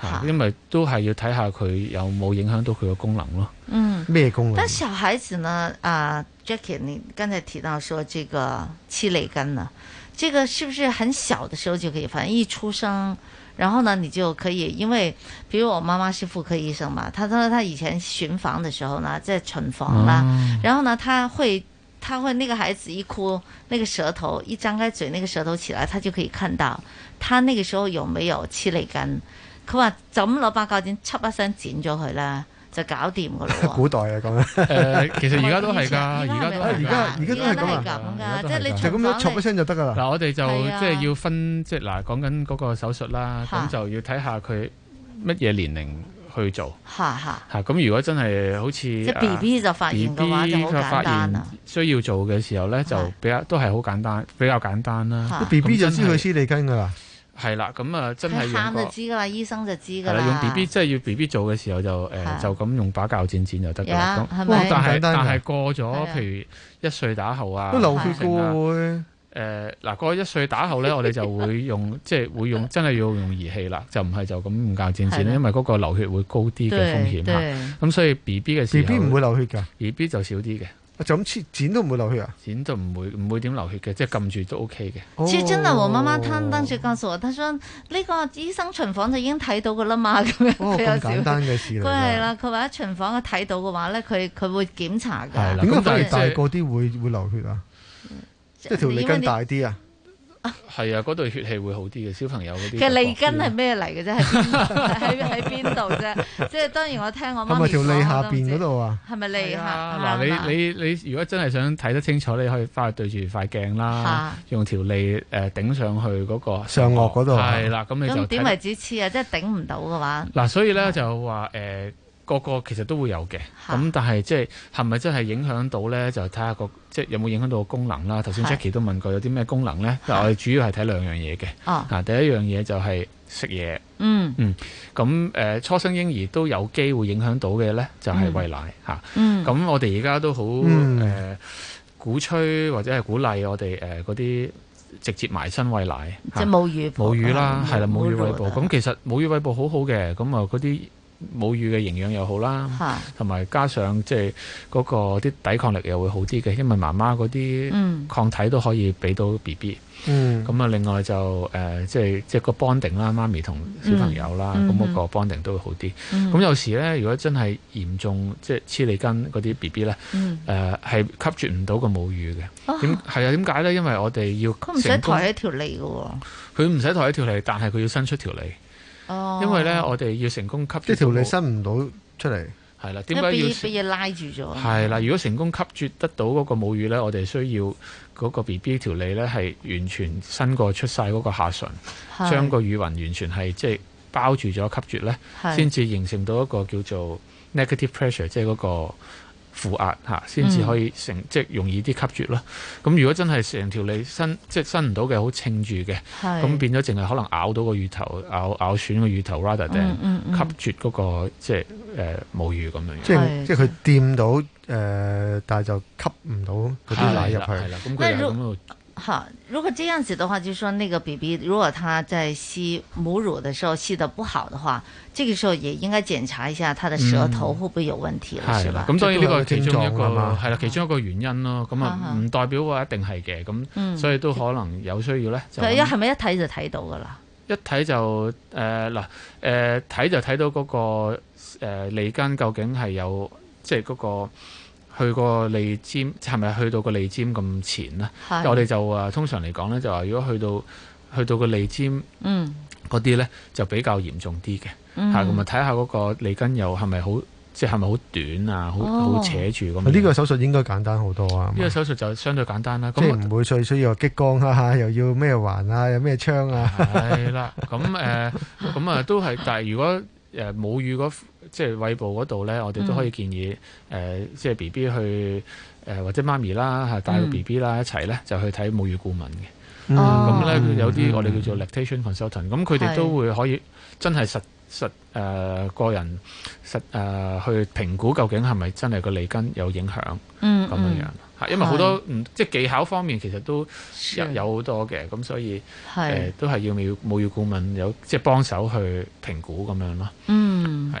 是因為都係要睇下佢有冇影響到佢個功能咯。嗯，咩功能？但小孩子呢？啊，Jackie，你剛才提到說這個黐脷根呢？這個是不是很小的時候就可以發現？反正一出生，然後呢，你就可以，因為比如我媽媽是婦科醫生嘛，她說她以前巡房的時候呢，在產房啦，嗯、然後呢，她會，她會那個孩子一哭，那個舌頭一張開嘴，那個舌頭起來，她就可以看到，她那個時候有沒有黐脷根。佢話就攞把鉸剪，剪一聲剪咗佢啦，就搞掂噶啦。古代啊，咁，其實而家都係㗎，而家都係㗎，而家都係咁。即係你就咁樣戳一聲就得㗎啦。嗱，我哋就即係要分，即係嗱，講緊嗰個手術啦，咁就要睇下佢乜嘢年齡去做。咁如果真係好似即係 B B 就發現嘅話，就好簡單。需要做嘅時候咧，就比較都係好簡單，比較簡單啦。B B 就知佢黐脷根㗎啦。係啦，咁啊真係要。佢喊就知噶啦，醫生就知噶啦。用 B B，即係要 B B 做嘅時候就誒，就咁用把鉸剪剪就得噶啦。但係但係過咗，譬如一歲打後啊，都流血嘅會。誒嗱，過一歲打後咧，我哋就會用，即係會用，真係要用儀器啦，就唔係就咁用鉸剪剪，因為嗰個流血會高啲嘅風險嚇。咁所以 B B 嘅時候，B B 唔會流血㗎，B B 就少啲嘅。就咁切剪都唔會流血啊？剪就唔會唔會點流血嘅，即係撳住都 OK 嘅。切真係我媽媽攤登住告訴我，他說呢個醫生巡房就已經睇到噶啦嘛，咁樣咁簡單嘅事。佢係啦，佢話喺巡房睇到嘅話咧，佢佢會檢查噶。係啦，點解大個啲會會流血啊？即係條脷更大啲啊？係啊，嗰對、啊、血氣會好啲嘅，小朋友嗰啲。嘅脷根係咩嚟嘅啫？喺喺喺邊度啫？即係當然我聽我媽咪講係咪條脷下邊嗰度啊？係咪脷下？嗱，你你你如果真係想睇得清楚，你可以翻去對住塊鏡啦，啊、用條脷誒頂上去嗰個上顎嗰度。係啦、啊，咁你就咁點為止刺啊？即係頂唔到嘅話。嗱，所以咧就話誒。呃個個其實都會有嘅，咁但係即係係咪真係影響到咧？就睇下個即係有冇影響到個功能啦。頭先 Jackie 都問過有啲咩功能咧，的我哋主要係睇兩樣嘢嘅。啊、哦，第一樣嘢就係食嘢。嗯嗯，咁誒、嗯呃、初生嬰兒都有機會影響到嘅咧，就係、是、餵奶嚇。咁、嗯啊、我哋而家都好誒、嗯呃、鼓吹或者係鼓勵我哋誒嗰啲直接埋身餵奶，啊、即係母乳母乳啦，係啦母乳餵哺。咁其實母乳餵哺好好嘅，咁啊啲。母乳嘅營養又好啦，同埋加上即係嗰個啲抵抗力又會好啲嘅，因為媽媽嗰啲抗體都可以俾到 B B。咁啊、嗯，嗯、另外就誒即係即係個 bonding 啦，媽咪同小朋友啦，咁嗰、嗯嗯、個 bonding 都會好啲。咁、嗯嗯、有時咧，如果真係嚴重即係黐脷根嗰啲 B B 咧，誒係、嗯呃、吸啜唔到個母乳嘅。點係啊？點解咧？因為我哋要唔使抬一條脷嘅喎，佢唔使抬一條脷，但係佢要伸出條脷。因為咧，我哋要成功吸住，即係條脷伸唔到出嚟，係啦。點解要？俾嘢拉住咗。係啦，如果成功吸住得到嗰個母乳咧，我哋需要嗰個 BB 條脷咧係完全伸過出晒嗰個下唇，將個乳暈完全係即係包住咗吸住咧，先至形成到一個叫做 negative pressure，即係嗰、嗰個。負壓嚇，先至可以成即係容易啲吸住咯。咁、嗯、如果真係是成條脷伸即係伸唔到嘅，好撐住嘅，咁變咗淨係可能咬到個乳頭，咬咬損、個乳頭 rather 定吸住嗰個即係誒母乳咁樣。即係即係佢掂到誒、呃，但係就吸唔到嗰啲奶入去。咁佢好，如果這樣子的話，就是、說那個 B B 如果他在吸母乳的時候吸得不好的話，這個時候也應該檢查一下他的舌頭會不會有問題啦，係嘛？咁當然呢個其中一個係啦，其中一個原因咯，咁啊唔代表話一定係嘅，咁、嗯嗯、所以都可能有需要咧。佢一係咪一睇就睇、呃呃、到噶、那、啦、個？一睇就誒嗱誒睇就睇到嗰個誒脷根究竟係有即係嗰個。去個脷尖係咪去到個脷尖咁前咧？是的 我哋就通常嚟講咧，就話如果去到去到個脷尖，嗯，嗰啲咧就比較嚴重啲嘅吓。咁啊睇下嗰個脷根又係咪好，即係係咪好短啊？好好扯住咁。呢個手術應該簡單好多啊！呢個手術就相對簡單啦、啊。即係唔會再需要激光啦、啊啊，又要咩環啊，有咩槍啊？係啦、啊，咁誒，咁、呃、啊 都係。但係如果冇遇過。即係胃部嗰度咧，我哋都可以建議誒即係 B B 去誒或者媽咪啦，嚇帶個 B B 啦一齊咧，就去睇母乳顧問嘅。咁咧有啲我哋叫做 lactation consultant，咁佢哋都會可以真係實實誒個人實誒去評估究竟係咪真係個脷根有影響。咁樣樣嚇，因為好多唔即係技巧方面其實都有好多嘅，咁所以係都係要要母乳顧問有即係幫手去評估咁樣咯。嗯，係。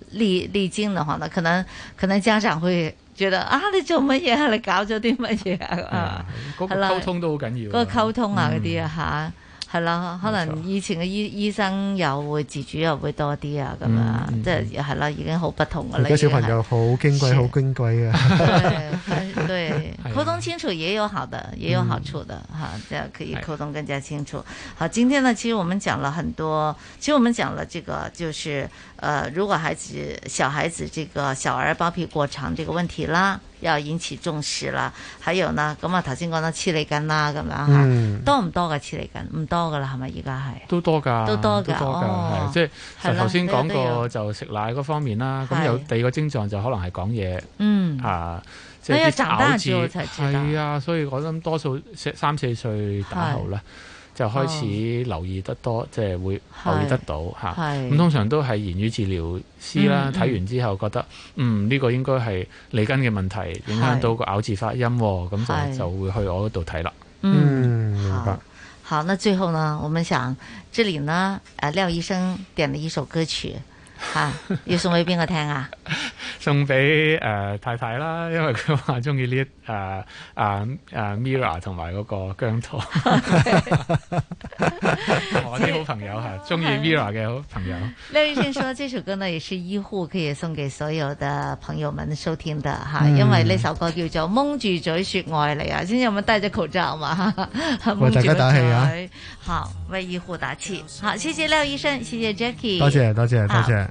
歷離經嘅話呢，呢可能可能家長會覺得啊，你做乜嘢啊？你搞咗啲乜嘢啊？啊，嗰個溝通都好緊要，個溝通啊嗰啲啊吓。係啦， 可能以前嘅醫醫生又會自主又會多啲啊，咁樣即係係啦，嗯嗯、 已經好不同嘅。而家小朋友好矜貴是好矜貴，好矜貴啊對，溝 對、啊、通清楚也有好的，也有好處的，這樣、嗯啊、可以溝通更加清楚。是好，今天呢，其實我們講了很多，其實我們講了這個，就是，呃，如果孩子小孩子這個小兒包皮過長這個問題啦。又延遲重視啦，係樣啦。咁啊頭先講到黐脷筋啦，咁樣嚇，嗯、多唔多噶黐脷筋，唔多噶啦，係咪？而家係都多㗎，都多㗎，係、哦、即係頭先講過的就食奶嗰方面啦。咁的有第二個症狀就可能係講嘢，嗯啊，即係咬啊。所以我諗多數三四歲打後啦。就開始留意得多，即係會留意得到吓。咁通常都係言語治療師啦，睇完之後覺得嗯，呢個應該係脷根嘅問題影響到個咬字發音，咁就就會去我嗰度睇啦。嗯，明白。好，那最後呢，我們想這裏呢，誒廖醫生點了一首歌曲。吓、 啊，要送俾邊個聽啊？送俾誒、呃、太太啦，因為佢話中意呢誒誒誒 Mirror 同埋嗰個姜濤，我啲好朋友係中意 Mirror 嘅好朋友。廖醫生說，這首歌呢也是醫護可以送給所有的朋友們收聽的吓，因為呢首歌叫做蒙住嘴說愛你啊，今日我們戴着口罩嘛，蒙住嘴。為大家打氣啊！好，為醫護打氣。好，謝謝廖醫生，謝謝 Jacky。多謝多謝多謝。啊